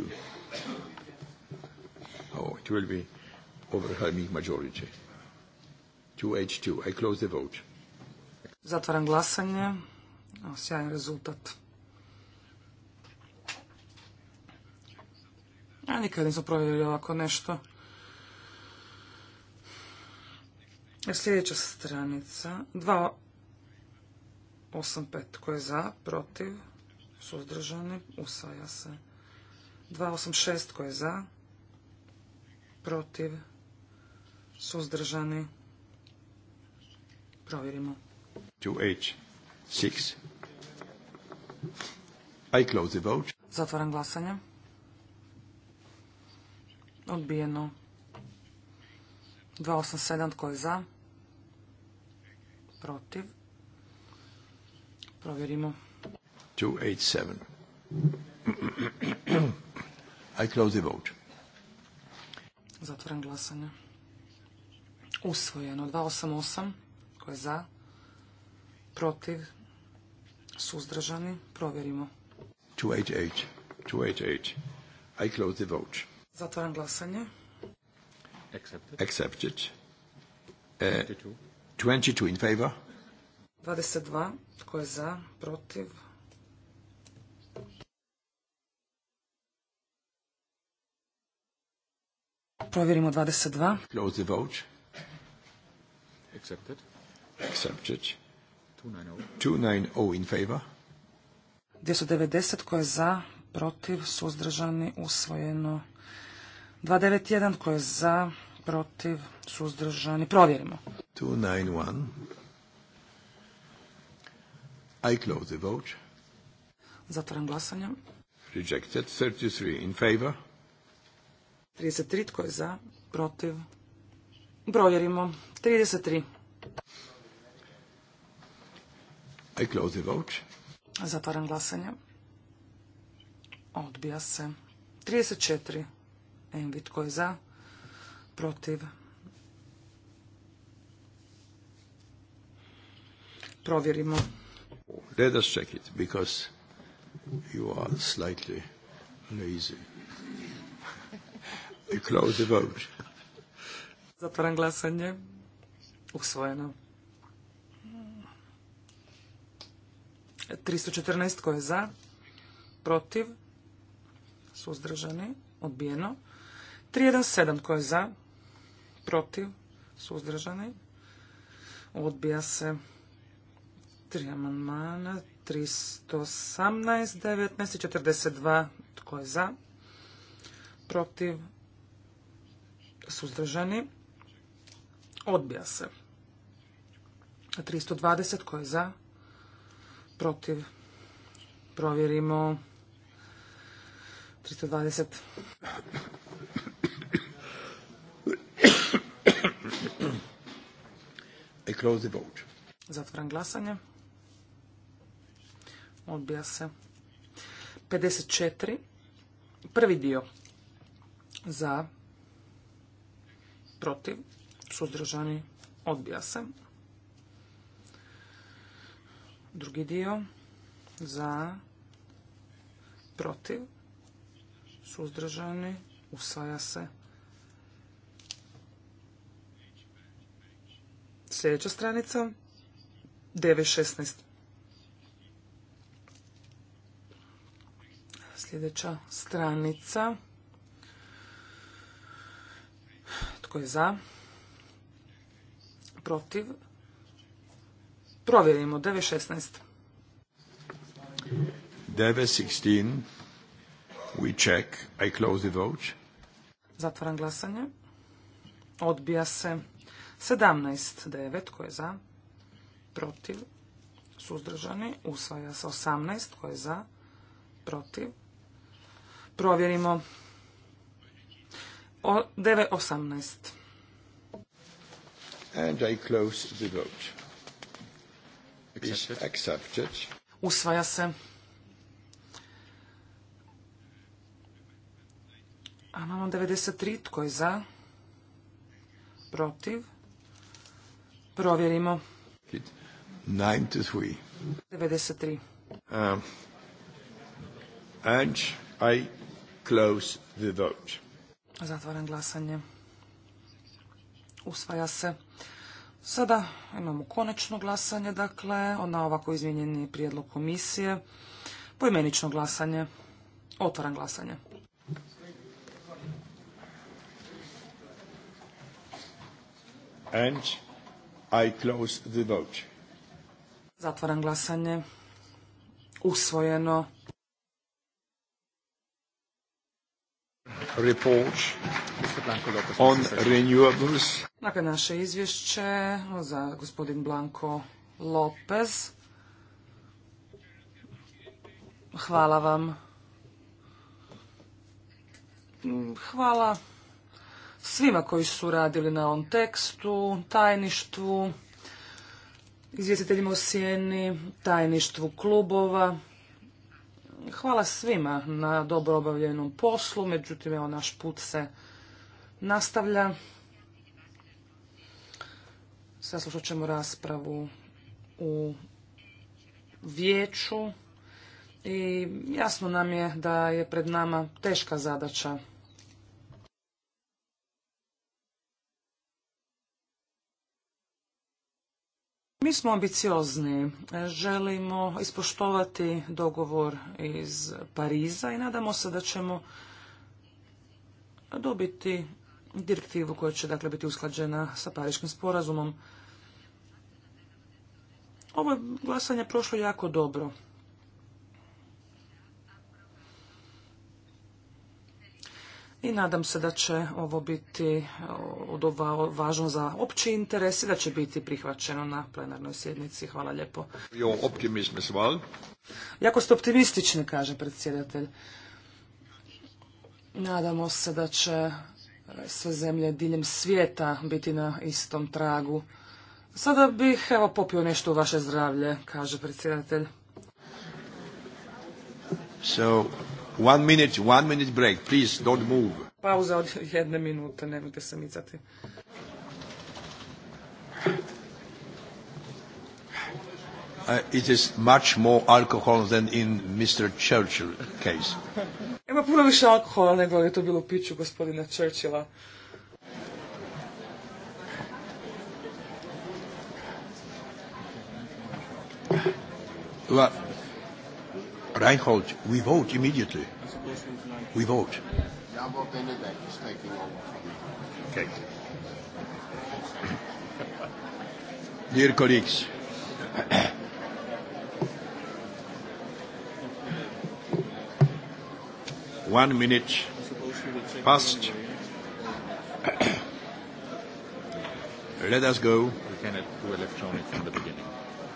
A: Oh, it will be overwhelming majority h 2 I close the vote.
C: Zatvaram glasanje. Sjajan rezultat. Ja nikad nismo provjerili ovako nešto. E, sljedeća stranica. 285 koje je za, protiv, suzdržani, usvaja se. 286 koje je za, protiv, suzdržani, Provjerimo.
A: 286. I close the
C: vote. Zatvaram glasanje. Odbijeno. 287 tko je za? Protiv. Provjerimo.
A: 287. I close the vote.
C: Zatvaram glasanje. Usvojeno. 288. Tko je za? Protiv? Suzdržani? Provjerimo.
A: 288. 288. I close the vote.
C: Zatvaram glasanje.
A: Accepted. Accepted. 22 uh, in favor.
C: 22. Tko je za? Protiv? Provjerimo 22.
A: Close the vote. Accepted. Accepted. 290. 290 in favor.
C: 290 tko je za, protiv, suzdržani, usvojeno. 291 tko je za, protiv, suzdržani. Provjerimo.
A: 291. I close the vote.
C: Zatvoram glasanje.
A: Rejected. 33 in favor.
C: 33 tko je za, protiv. Provjerimo. 33.
A: I close the vote.
C: Zatvaram glasanje. Odbija se. 34. Envi tko je za? Protiv. Provjerimo.
A: Let us check it because you are slightly lazy. I close the vote.
C: Zatvaram glasanje. Usvojeno. 314 tko je za, protiv, suzdržani, odbijeno. 317 tko je za, protiv, suzdržani, odbija se. Tri amandmana, 318, 19 42 tko je za, protiv, suzdržani, odbija se. 320 tko je za, protiv, protiv, provjerimo 320. I close glasanje. Odbija se. 54. Prvi dio. Za. Protiv. Suzdržani. Odbija se. Drugi dio za, protiv, suzdržani, usvaja se. Sljedeća stranica, 9.16. Sljedeća stranica, tko je za, protiv, Provjerimo, 9.16.
A: 9.16. We check. I close the vote.
C: Zatvaram glasanje. Odbija se 17.9, 9. Ko je za? Protiv. Suzdržani. Usvaja se 18. Ko je za? Protiv. Provjerimo. 9.18.
A: And I close the vote accepted.
C: Usvaja se. imamo 93. Tko je za? Protiv? Provjerimo.
A: 93.
C: 93.
A: Um, I close the vote.
C: glasanje. Usvaja se. Sada imamo konačno glasanje, dakle, na ovako izmijenjeni prijedlog komisije. Poimenično glasanje. Otvaram glasanje.
A: And I close the vote.
C: Zatvaram glasanje. Usvojeno. Dakle, naše izvješće za gospodin Blanko Lopez. Hvala vam. Mm, hvala svima koji su radili na ovom tekstu, tajništvu, izvjestiteljima u sjeni, tajništvu klubova. Hvala svima na dobro obavljenom poslu, međutim evo naš put se nastavlja. Saslušat ćemo raspravu u vijeću i jasno nam je da je pred nama teška zadaća Mi smo ambiciozni, želimo ispoštovati dogovor iz Pariza i nadamo se da ćemo dobiti direktivu koja će dakle biti usklađena sa Pariškim sporazumom. Ovo je glasanje prošlo jako dobro. i nadam se da će ovo biti e, važno za opći interes i da će biti prihvaćeno na plenarnoj sjednici. Hvala lijepo. Jako ste optimistični, kaže predsjedatelj. Nadamo se da će e, sve zemlje diljem svijeta biti na istom tragu. Sada bih evo popio nešto u vaše zdravlje, kaže predsjedatelj.
A: One minute, one minute break, please, don't move.
C: Pauza od jedne minute, nemojte se micati.
A: Uh, it is much more alcohol than in Mr. Churchill case.
C: Ima puno više alkohola nego je to bilo piću gospodina Churchilla.
A: Well, Reinhold, we vote immediately. We vote. Okay. Dear colleagues, one minute past. Let us go. We cannot do electronic from the beginning.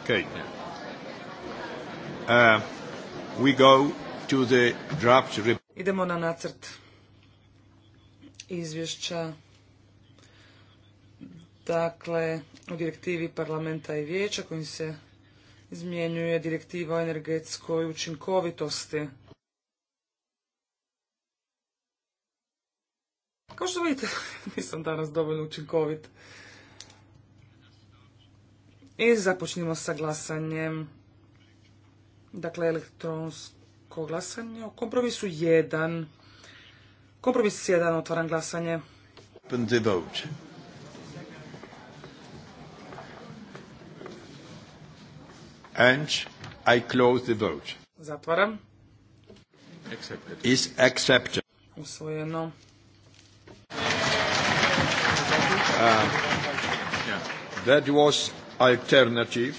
A: Okay. Uh,
C: Idemo na nacrt izvješća dakle u direktivi parlamenta i vijeća kojim se izmjenjuje direktiva o energetskoj učinkovitosti. Kao što vidite, [LAUGHS] nisam danas dovoljno učinkovit. I započnimo sa glasanjem. Dakle, elektronsko glasanje o kompromisu 1. Kompromis 1, otvaram glasanje. Open the vote.
A: And I close the vote.
C: Zatvaram. Accepted.
A: Is accepted.
C: Usvojeno.
A: Uh, that was alternative.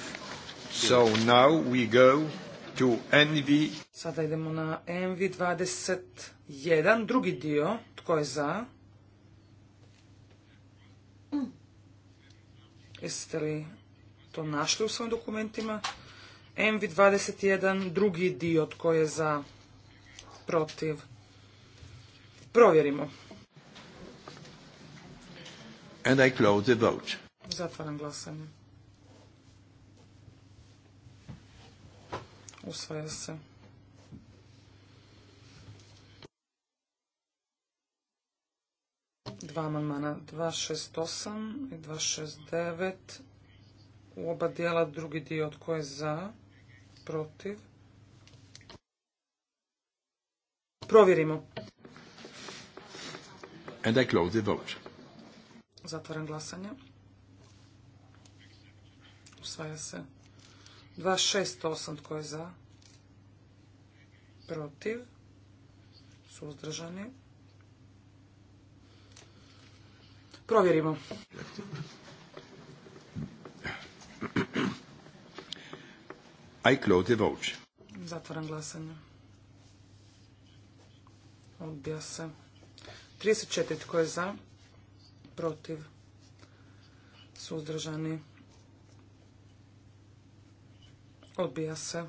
A: So now we go
C: Sada idemo na NV21, drugi dio. Tko je za? Jeste li to našli u svojim dokumentima? MV21, drugi dio tko je za protiv. Provjerimo. And I Zatvaram glasanje. Usvaja se. Dva amandmana, 268 i 269. U oba dijela drugi dio od koje je za, protiv. Provjerimo.
A: And I close the vote.
C: Zatvaram glasanje. Usvaja se. 268 tko je za? Protiv? Suzdržani? Provjerimo.
A: I close the vote.
C: Zatvaram glasanje. Odbija se. 34 tko je za? Protiv? Suzdržani? Odbija se.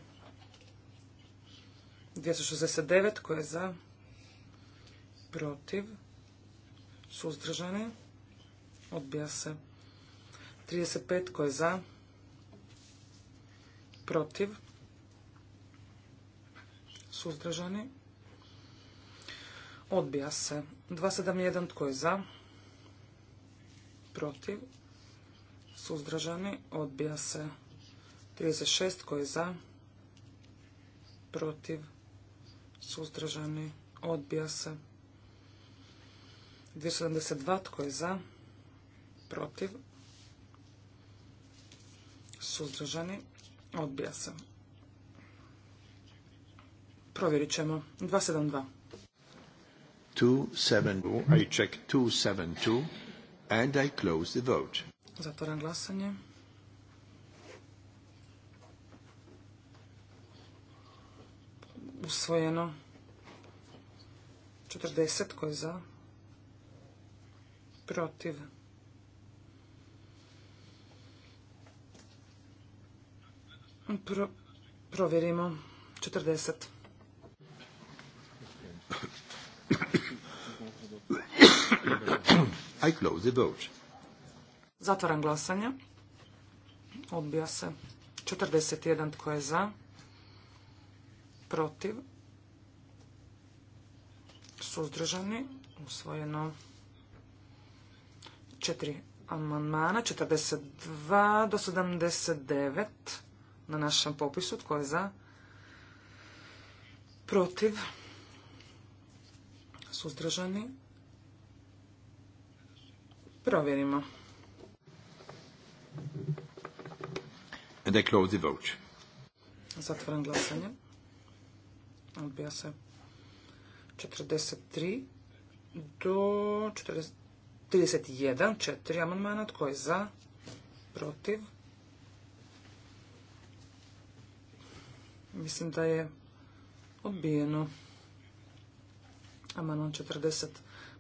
C: 269 koje je za, protiv, suzdržani, odbija se. 35 koje je za, protiv, suzdržani, odbija se. 271 tko je za, protiv, suzdržani, odbija se. 36 tko je za, protiv, suzdržani, odbija se. 272 tko je za, protiv, suzdržani, odbija se. Provjerit ćemo. 272.
A: 272, I check 272 and I close the vote.
C: Zatvoram glasanje. usvojeno. 40 koje za, protiv. Pro, provjerimo. 40. I close Zatvaram glasanje. Odbija se. 41 tko je za protiv, suzdržani, usvojeno četiri amandmana, 42 do 79 na našem popisu, tko je za, protiv, suzdržani, provjerimo. And I glasanje odbija se 43 do 31, 4 amandmana, tko je za, protiv. Mislim da je odbijeno amandman 45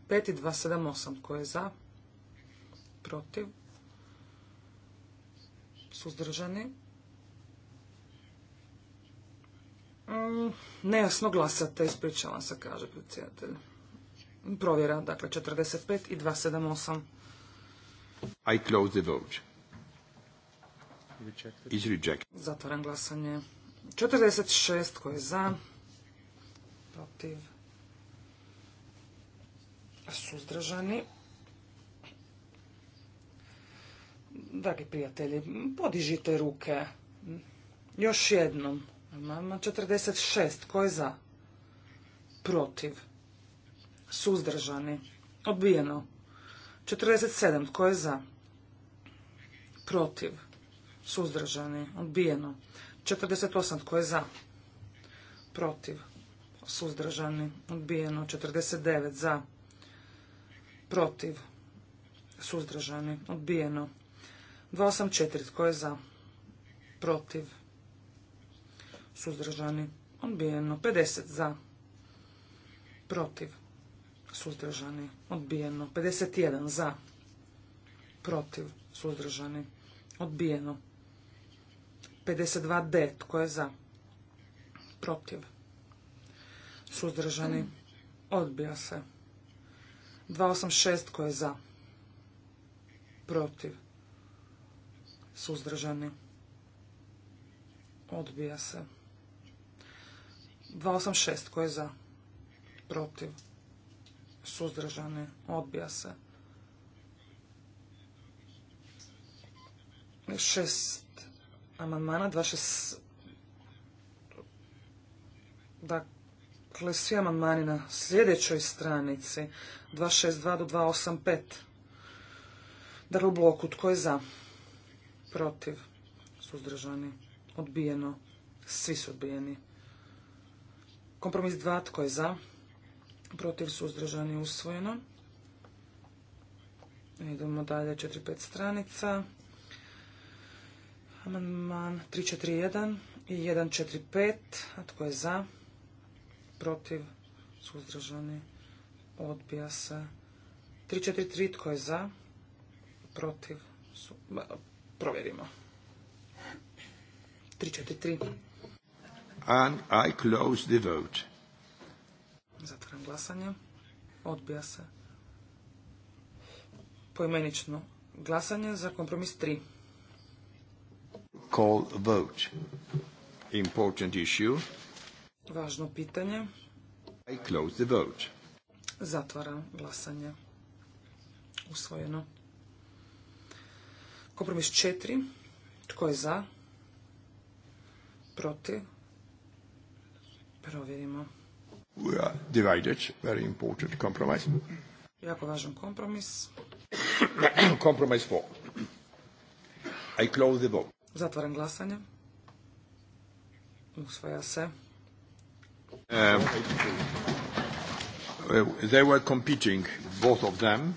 C: i 278, tko je za, protiv, suzdržani. Mm, nejasno glasate, ispričavam se, kaže predsjedatelj. Provjera, dakle, 45 i 278.
A: I close the vote.
C: Is rejected. Zatvaram glasanje. 46 koje je za, protiv, suzdržani. Dragi prijatelji, podižite ruke. Još jednom. Amandman 46. Ko je za? Protiv. Suzdržani. Odbijeno. 47. Tko je za? Protiv. Suzdržani. Odbijeno. 48. Tko je za? Protiv. Suzdržani. Odbijeno. 49. Za. Protiv. Suzdržani. Odbijeno. 284. Tko je za? Protiv suzdržani, odbijeno. 50 za, protiv, suzdržani, odbijeno. 51 za, protiv, suzdržani, odbijeno. 52D, tko je za, protiv, suzdržani, odbija se. 286 tko je za, protiv, suzdržani, odbija se. 286 koje je za, protiv, suzdržani, odbija se. 6 amandmana, 26... Dakle, svi amandmani na sljedećoj stranici, 262 do 285. Dakle, u bloku, tko je za, protiv, suzdržani, odbijeno, svi su odbijeni. Kompromis 2. Tko je za? Protiv su uzdržani usvojeno. Idemo dalje, 4-5 stranica. Amandman 3-4-1 i 1-4-5. A tko je za? Protiv su uzdržani. Odbija se. 3-4-3. Tko je za? Protiv su... Provjerimo. 3-4-3
A: and I close the vote.
C: Zatvaram glasanje. Odbija se. Poimenično glasanje za kompromis 3.
A: Call vote. Important issue.
C: Važno pitanje. I
A: close the vote.
C: Zatvaram glasanje. Usvojeno. Kompromis 4. Tko je za? Protiv? Provjerimo. We are
A: divided, very important compromise.
C: Jako važan kompromis.
A: [COUGHS] compromise for. I close the vote.
C: Zatvaram glasanje. Usvaja se.
A: Um, they were competing, both of them,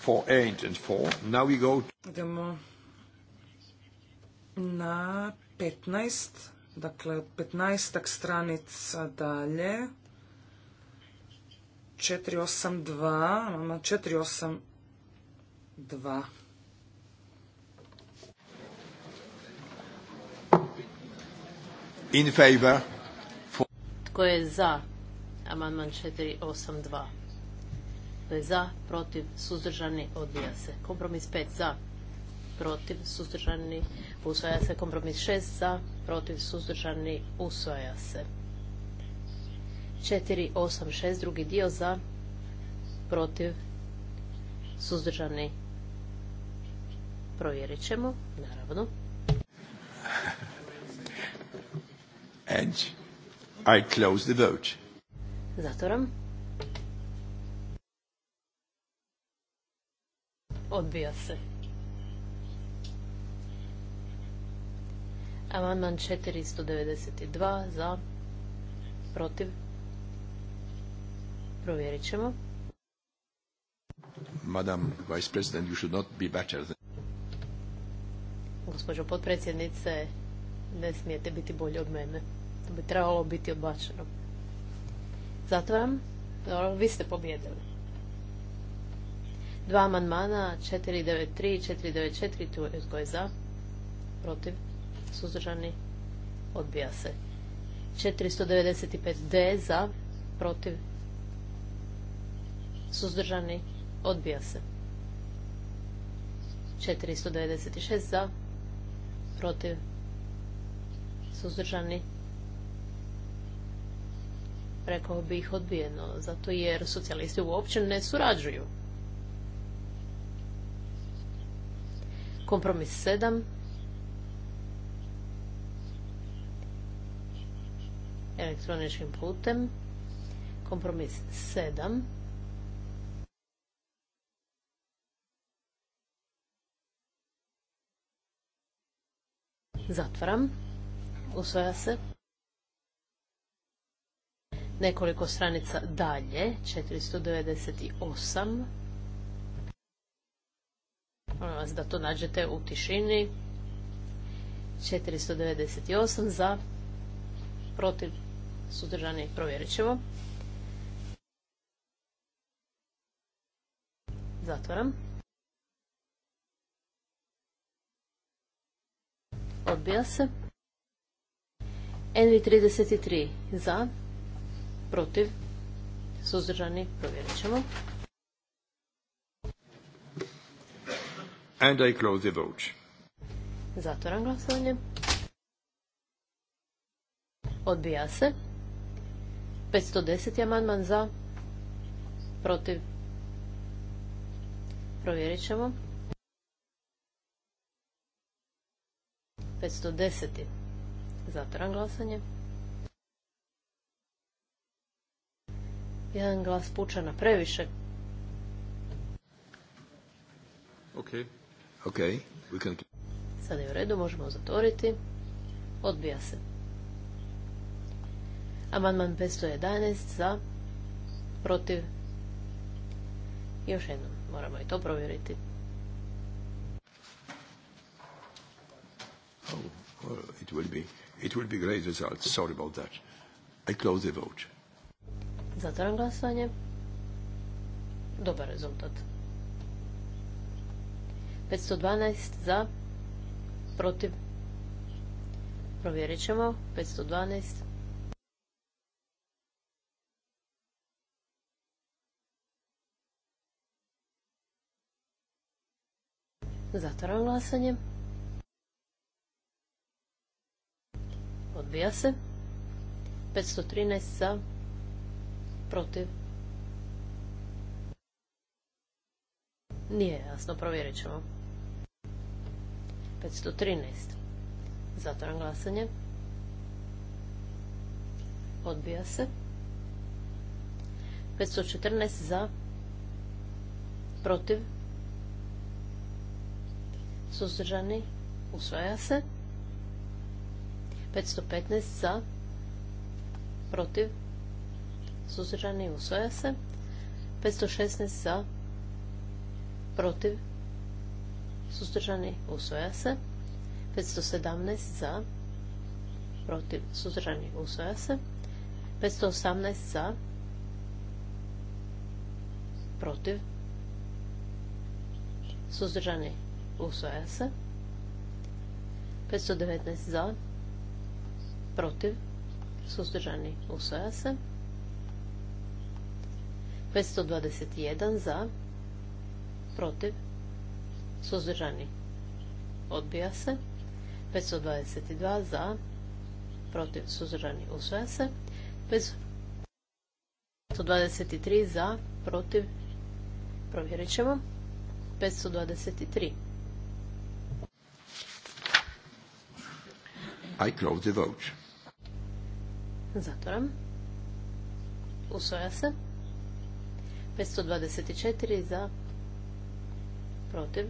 A: for eight and four. Now we go...
C: Idemo na 15 Dakle, 15 stranica dalje. 482, mama 482.
A: In favor.
D: Tko je za amandman 482? Tko je za, protiv, suzdržani, odbija se. Kompromis 5 za, protiv, suzdržani, usvaja se. Kompromis šest za, protiv, suzdržani, usvaja se. četiri, šest, drugi dio za, protiv, suzdržani, provjerit ćemo, naravno.
A: And I close the vote.
D: Zatvoram. Odbija se. Amandman 492 za, protiv. Provjerit ćemo.
A: Madam Vice President, you should not be better than...
D: Gospođo potpredsjednice, ne smijete biti bolje od mene. To bi trebalo biti odbačeno. Zatvaram. Dobro, vi ste pobjedili. Dva amandmana, 493 i 494, tko je za? Protiv? suzdržani, odbija se. 495 D za, protiv, suzdržani, odbija se. 496 za, protiv, suzdržani, rekao bih odbijeno, zato jer socijalisti uopće ne surađuju. Kompromis 7 elektroničkim putem. Kompromis 7. Zatvaram. Usvaja se. Nekoliko stranica dalje, 498. Hvala vas da to nađete u tišini. 498 za protiv, suzdržani, provjerit ćemo. Zatvaram. Odbija se. NV33 za, protiv, suzdržani, provjerit ćemo.
A: And I close the vote.
D: Zatvoram glasovanje. Odbija se. 510. amandman za. Protiv. Provjerit ćemo. 510. Zatvoram glasanje. Jedan glas na previše. Ok. Sada je u redu, možemo zatvoriti. Odbija se. Amandman 511 za, protiv. Još jednom, moramo i to provjeriti.
A: Oh, it will
D: Zatvaram glasovanje. Dobar rezultat. 512 za, protiv. Provjerit ćemo. 512 Zatvaram glasanje. Odbija se. 513 za. Protiv. Nije jasno, provjerit ćemo. 513. Zatvaram glasanje. Odbija se. 514 za. Protiv suzdržani, usvaja se. 515 za, protiv, suzdržani, usvaja se. 516 za, protiv, suzdržani, usvaja se. 517 za, protiv, suzdržani, usvaja se. 518 za, protiv, suzdržani, usvaja se. 519 za, protiv, suzdržani, usvaja se. 521 za, protiv, suzdržani, odbija se. 522 za, protiv, suzdržani, usvaja se. 523 za, protiv, provjerit ćemo. 523
A: I close the vote.
D: Zatvoram. Usvaja se. 524 za protiv.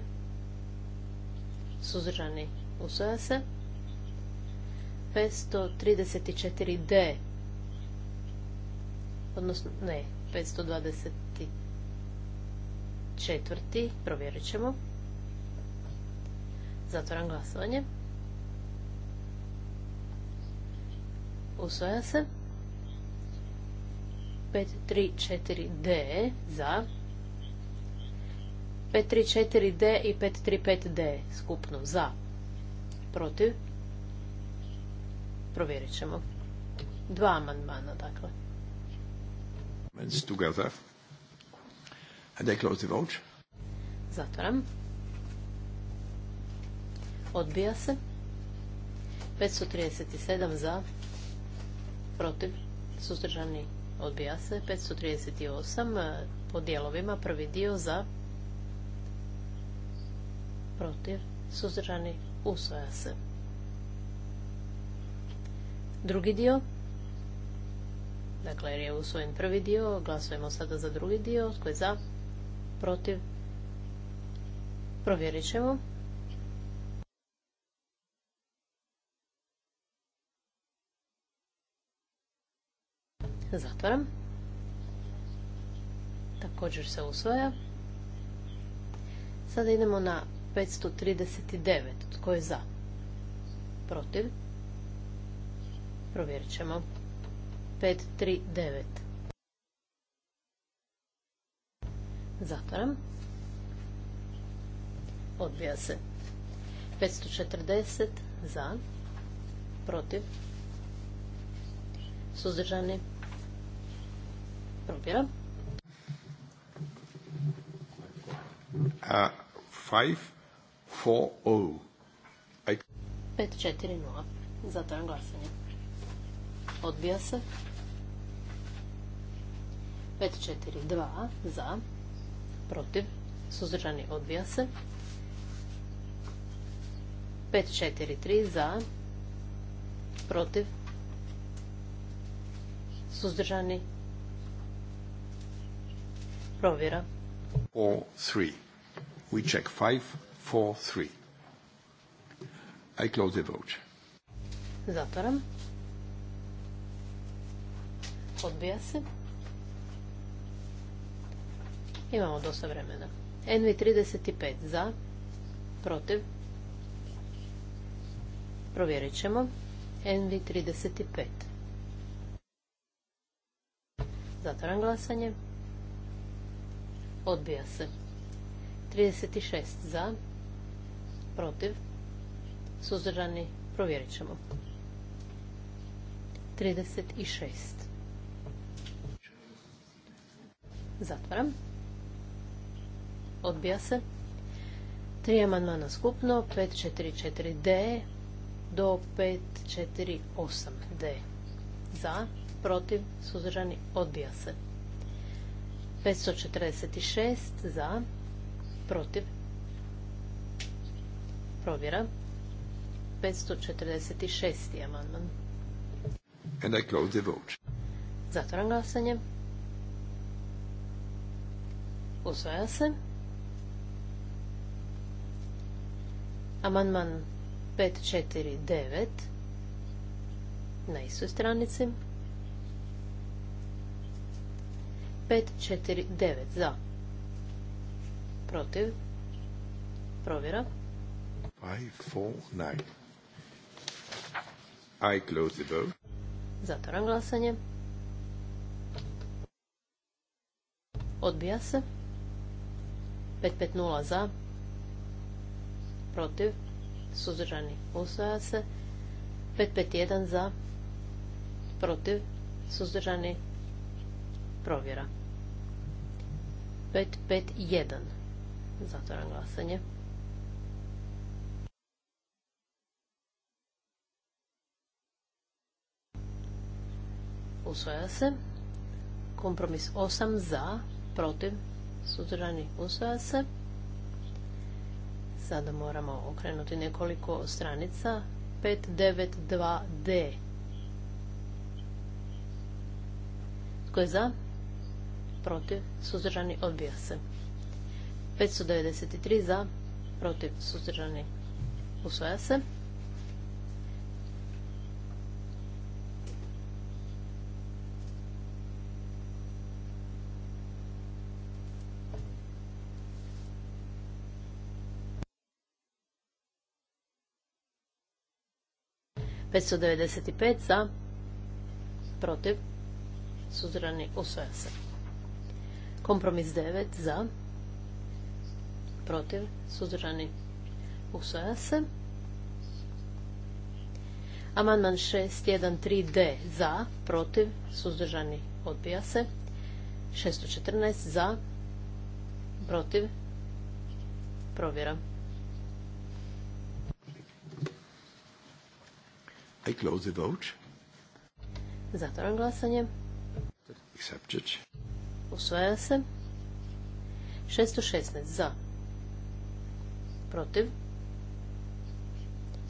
D: suzržani usvaja se. 534D odnosno ne 524 provjerit ćemo zatvoram glasovanje usvaja se. 534D za. 534D i 535D skupno za. Protiv. Provjerit ćemo. Dva amandmana, dakle.
A: Mens Together. And I close the vote.
D: Zatvaram. Odbija se. 537 za protiv, suzdržani, odbija se. 538 eh, po dijelovima, prvi dio za, protiv, suzdržani, usvaja se. Drugi dio, dakle jer je usvojen prvi dio, glasujemo sada za drugi dio, tko je za, protiv, provjerit ćemo. Zatvaram. Također se usvaja. Sada idemo na 539. Tko je za? Protiv? Provjerit ćemo. 539. Zatvaram. Odbija se. 540 za, protiv, suzdržani, Provjera.
A: a uh, five, four, oh. I...
D: 5, 4, 0. glasanje. Odbija se. Pet četiri dva, Za. Protiv. Suzdržani odbija se. Pet četiri tri Za. Protiv. Suzdržani provjera.
A: 4-3. We check 5-4-3. I close the vote.
D: Zatvaram. Odbija se. Imamo dosta vremena. NV35 za, protiv. Provjerit ćemo. NV35. Zatvaram glasanje. Odbija se. 36 za. Protiv. Suzdržani. Provjerit ćemo. 36. Zatvaram. Odbija se. Tri amandmana skupno. 4, d do 548D. Za. Protiv. Suzdržani. Odbija se. 546 za, protiv, provjera. 546. amandman.
A: And I close the vote.
D: Zatvoram glasanje. Usvaja se. Amandman 549 na istoj stranici. 549 za. Protiv. Provjera.
A: 549. I close the vote.
D: Zatvoram glasanje. Odbija se. 550 za. Protiv. Suzdržani. Usvaja se. 551 za. Protiv. Suzdržani. Provjera. 551. Zatvoram glasanje. Usvaja se. Kompromis 8 za, protiv, Sutrani. usvaja se. Sada moramo okrenuti nekoliko stranica. 592D. Tko je za? protiv, suzdržani, odbija se. 593 za, protiv, suzdržani, usvaja se. Petsto za protiv suzdržani usvaja se Kompromis 9 za, protiv, suzdržani, usvaja se. Amandman 613D za, protiv, suzdržani, odbija se. 614 za, protiv, provjera. I
A: close the vote.
D: Zatvoram glasanje.
A: Accepted.
D: Usvaja se. 616 za. Protiv.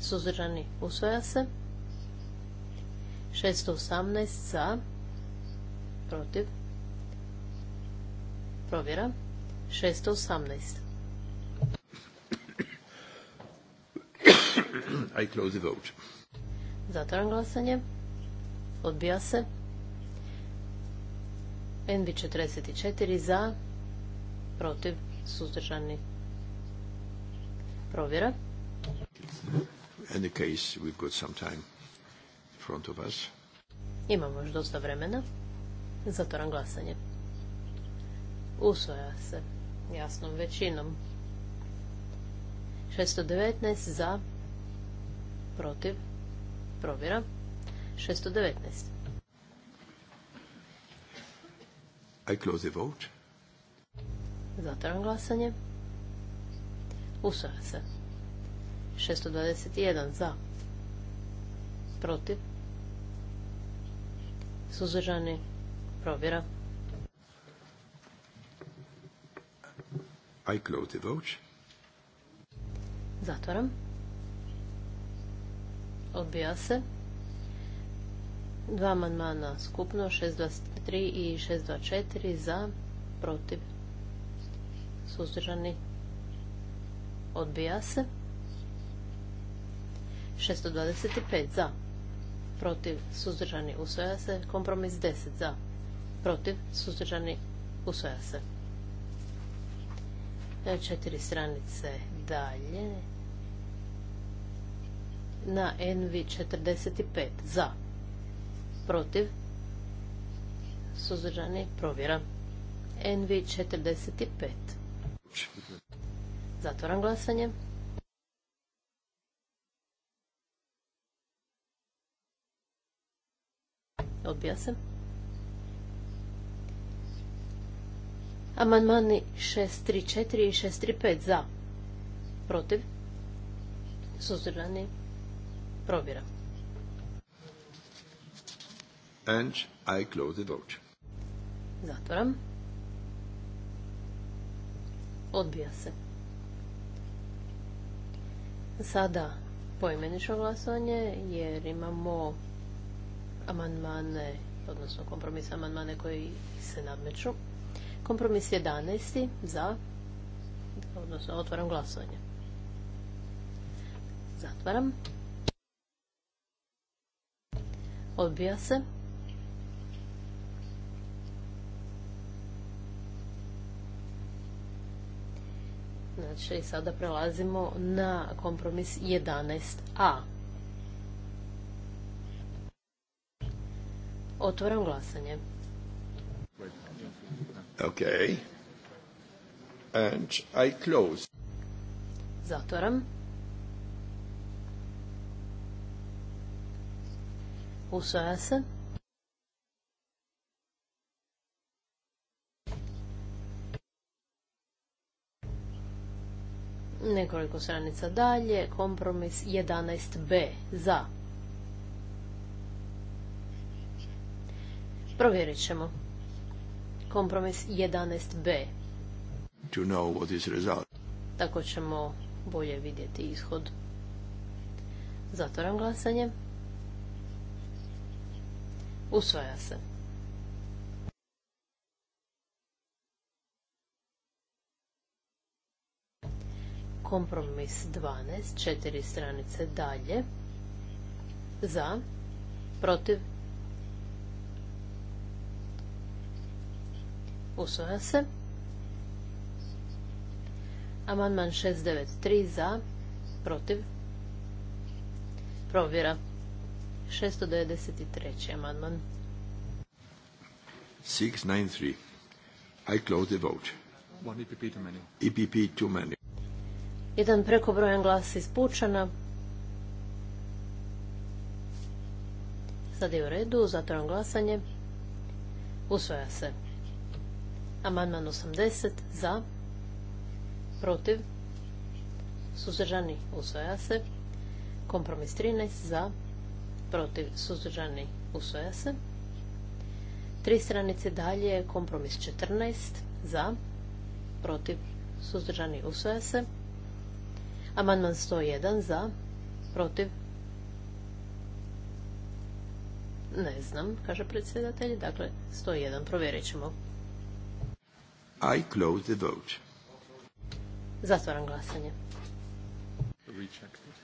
D: Suzdržani. Usvaja se. 618 za. Protiv. Provjera. 618.
A: I close the vote.
D: Zatvaram glasanje. Odbija se. NB44 za, protiv, suzdržani. Provjera. Imamo još dosta vremena. Zatvoram glasanje. Usvoja se jasnom većinom. 619 za, protiv, provjera. 619.
A: I close the vote.
D: Zatvaram glasanje. Usvaja se. 621 za. Protiv. Suzdržani. Provjera.
A: I close the vote.
D: Zatvaram. Odbija se. Dva amandmana skupno, 623 i 624 za, protiv, suzdržani, odbija se. 625 za, protiv, suzdržani, usvoja se. Kompromis 10 za, protiv, suzdržani, usvoja se. E, četiri stranice dalje. Na NV 45 za, protiv, suzdržani, provjera. NV45. Zatvoram glasanje. Odbija se. Amandmani 634 i 635 za. Protiv. Suzdržani. Provjera.
A: And I close the vote.
D: Zatvaram. Odbija se. Sada poimenično glasovanje jer imamo amandmane, odnosno kompromis amandmane koji se nadmeću. Kompromis 11. za, odnosno otvaram glasovanje. Zatvaram. Odbija se. Znači, sada prelazimo na kompromis 11a. Otvoram glasanje.
A: Ok. And I close.
D: Zatvoram. Usvaja se. Nekoliko stranica dalje, kompromis 11b za. Provjerit ćemo. Kompromis 11b. Tako ćemo bolje vidjeti ishod. Zatvoram glasanje. Usvaja se. Kompromis 12, četiri stranice dalje. Za, protiv, usvoja se. Amandman 693 za, protiv, provjera. 693. amandman.
A: 693. I close the vote. One EPP too many. EPP too many.
D: Jedan prekobrojan glas iz Pučana. Sad je u redu, zatvoram glasanje. Usvaja se. Amandman 80 za, protiv, suzdržani usvoja se. Kompromis 13 za, protiv, suzdržani usvoja se. Tri stranice dalje, kompromis 14 za, protiv, suzdržani usvaja se. Amandman 101 za, protiv. Ne znam, kaže predsjedatelj. Dakle, 101. Provjerit ćemo.
A: I close the vote.
D: Zatvaram glasanje.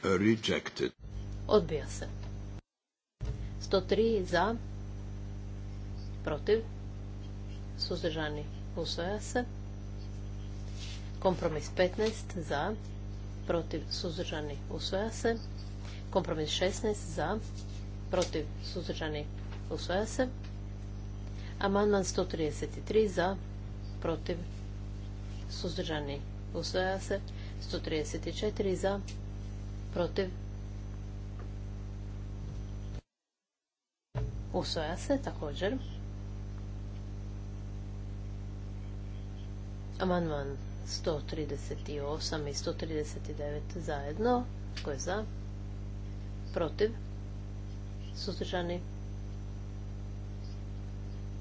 A: Rejected.
D: Odbija se. 103 za, protiv, suzdržani usvoja se. Kompromis 15 za, protiv, suzdržani, usvoja se. Kompromis 16 za, protiv, suzdržani, usvoja se. Amandman 133 za, protiv, suzdržani, usvoja se. 134 za, protiv, usvoja se također. Amandman 138 i 139 zajedno. Tko je za? Protiv? Suzdržani?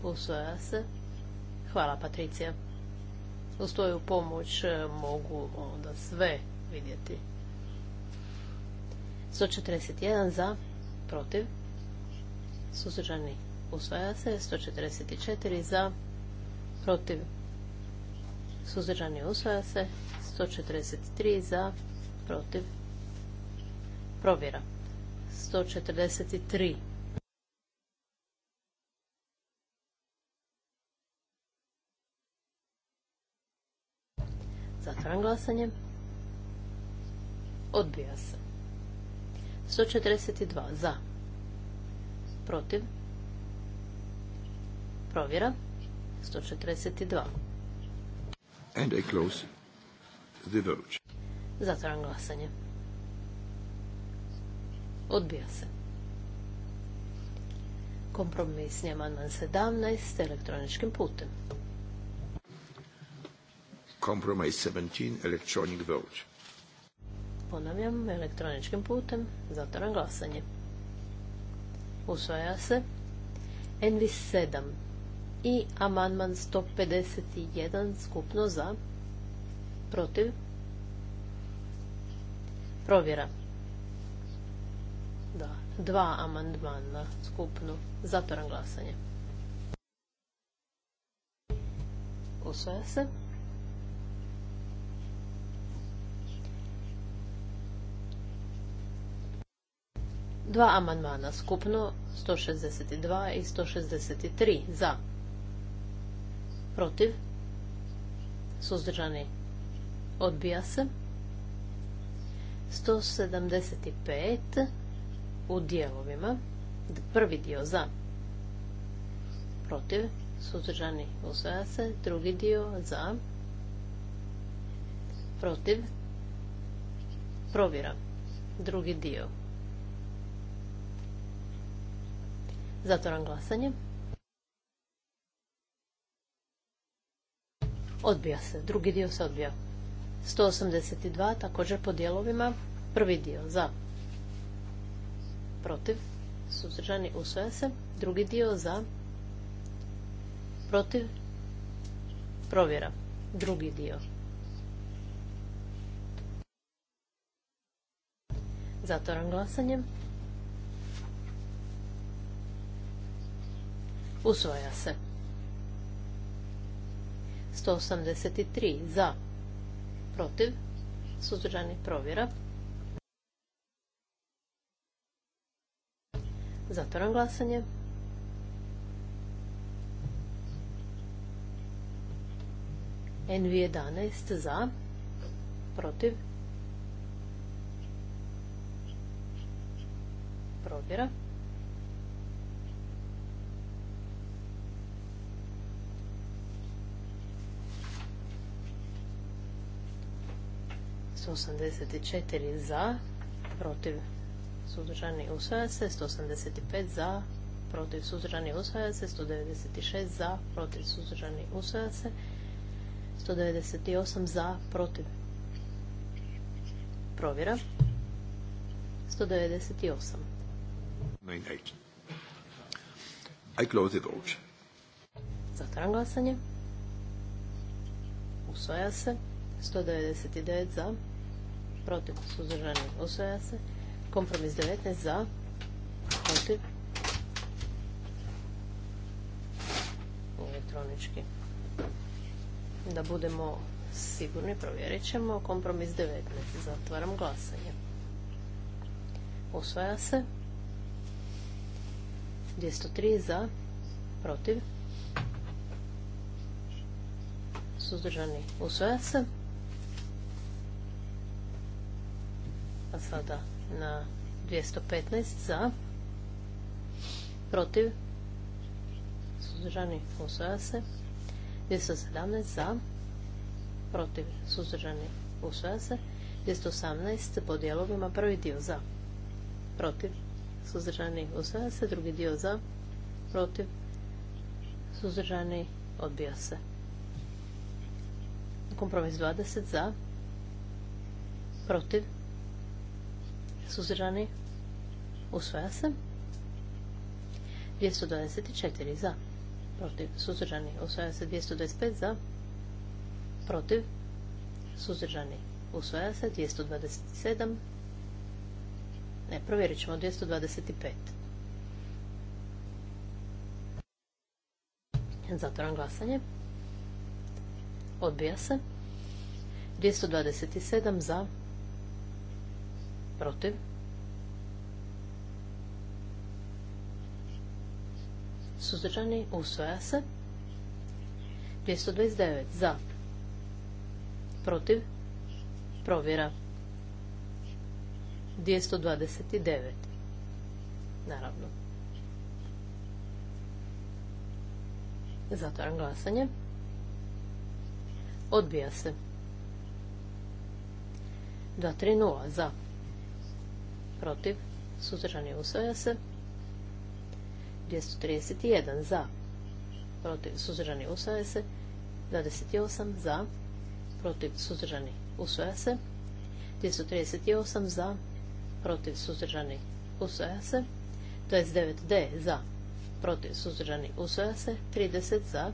D: Usvoja se. Hvala Patricija. Uz svoju pomoć e, mogu onda sve vidjeti. 141 za, protiv, suzdržani usvoja se, 144 za, protiv, suzdržani usvaja se. 143 za, protiv, provjera. 143. Zatvoram glasanje. Odbija se. 142 za. Protiv. Provjera. 142.
A: And I close the vote.
D: Zatvaram glasanje. Odbija se. Kompromisni amandman 17 elektroničkim putem.
A: Kompromis 17 electronic vote.
D: Ponavljam elektroničkim putem. Zatvaram glasanje. Usvaja se. NV7 i amandman 151 skupno za protiv provjera da, dva amandmana skupno zatvoram glasanje usvaja se dva amandmana skupno 162 i 163 za protiv, suzdržani, odbija se. 175 u dijelovima, prvi dio za, protiv, suzdržani, usvaja se, drugi dio za, protiv, provjera, drugi dio. Zatvoram glasanje. Odbija se. Drugi dio se odbija. 182 također po dijelovima. Prvi dio za. Protiv. Suzdržani usvaja se. Drugi dio za. Protiv. Provjera. Drugi dio. Zatvoram glasanje. Usvaja se. 183 za, protiv, suzdržani provjera. Zatvoram glasanje. NV11 za, protiv, provjera. 184 za, protiv suzdržani usvaja se, 185 za, protiv suzdržani usvaja se, 196 za, protiv suzdržani usvaja se, 198 za, protiv provjera, 198. I close it glasanje. Usvaja se. 199 za, protiv, suzdržani, osvaja se. Kompromis 19 za, protiv, elektronički. Da budemo sigurni, provjerit ćemo. Kompromis 19. Zatvaram glasanje. osvaja se. 203 za, protiv, suzdržani, osvaja se. sada na 215 za, protiv, suzdržani usvaja se, 217 za, protiv, suzdržani usvaja se, 218 po dijelovima, prvi dio za, protiv, suzdržani usvaja se, drugi dio za, protiv, suzdržani odbija se. Kompromis 20 za, protiv, Suzdržani? Usvaja se. 224 za. Protiv. Suzdržani? Usvaja se. 225 za. Protiv. Suzdržani? Usvaja se. 227. Ne, provjerit ćemo. 225. Zatvoram glasanje. Odbija se. 227 za. Protiv? Suzdržani usvaja se. 229 za. Protiv? Provjera. 229. Naravno. Zatvaram glasanje. Odbija se. 230 za protiv, suzdržani usvaja se. 231 za, protiv, suzdržani usvaja se. 28 za, protiv, suzdržani usvaja se. 238 za, protiv, suzdržani usvaja se. 29D za, protiv, suzdržani usvaja se. 30 za,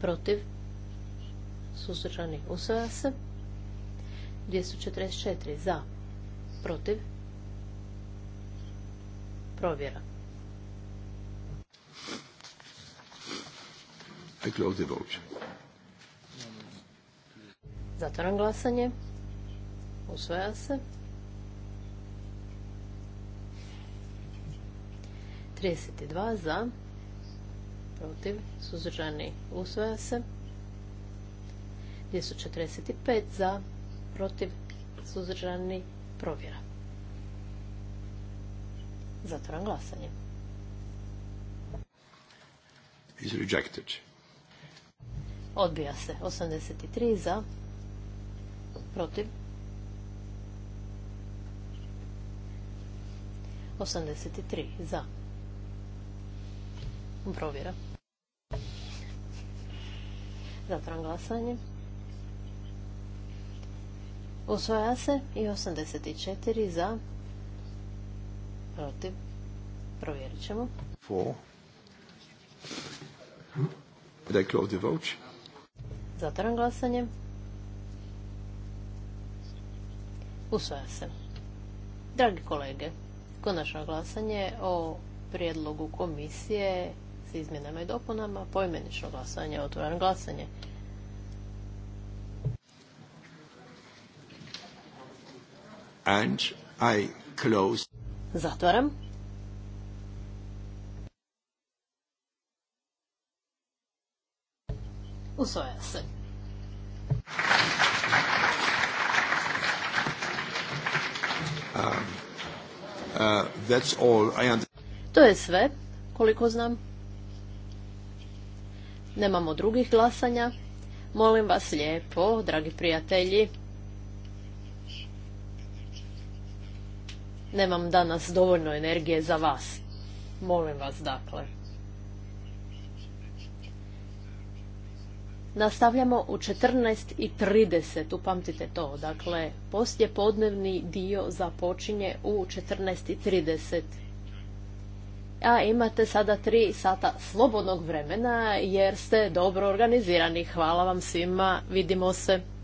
D: protiv, suzdržani usvaja se. 244 za, Protiv? Provjera. I Zatvoram glasanje. Usvaja se. 32 za. Protiv. Suzdržani. Usvaja se. 245 za. Protiv. Suzdržani. Provjera. Zatvoram glasanje.
A: Is rejected.
D: Odbija se. 83 za. Protiv. 83 za. Provjera. Zatvoram glasanje. Usvaja se i 84 za. Protiv. Provjerit ćemo. Zatvaram glasanje. Usvaja se. Dragi kolege, konačno glasanje o prijedlogu komisije s izmjenama i dopunama, poimenično glasanje, otvoran glasanje.
A: and I close.
D: Zatvaram. Usvaja se.
A: Um, uh,
D: to je sve, koliko znam. Nemamo drugih glasanja. Molim vas lijepo, dragi prijatelji, nemam danas dovoljno energije za vas. Molim vas dakle. Nastavljamo u 14.30, upamtite to. Dakle, poslje podnevni dio započinje u 14.30. A imate sada tri sata slobodnog vremena jer ste dobro organizirani. Hvala vam svima, vidimo se.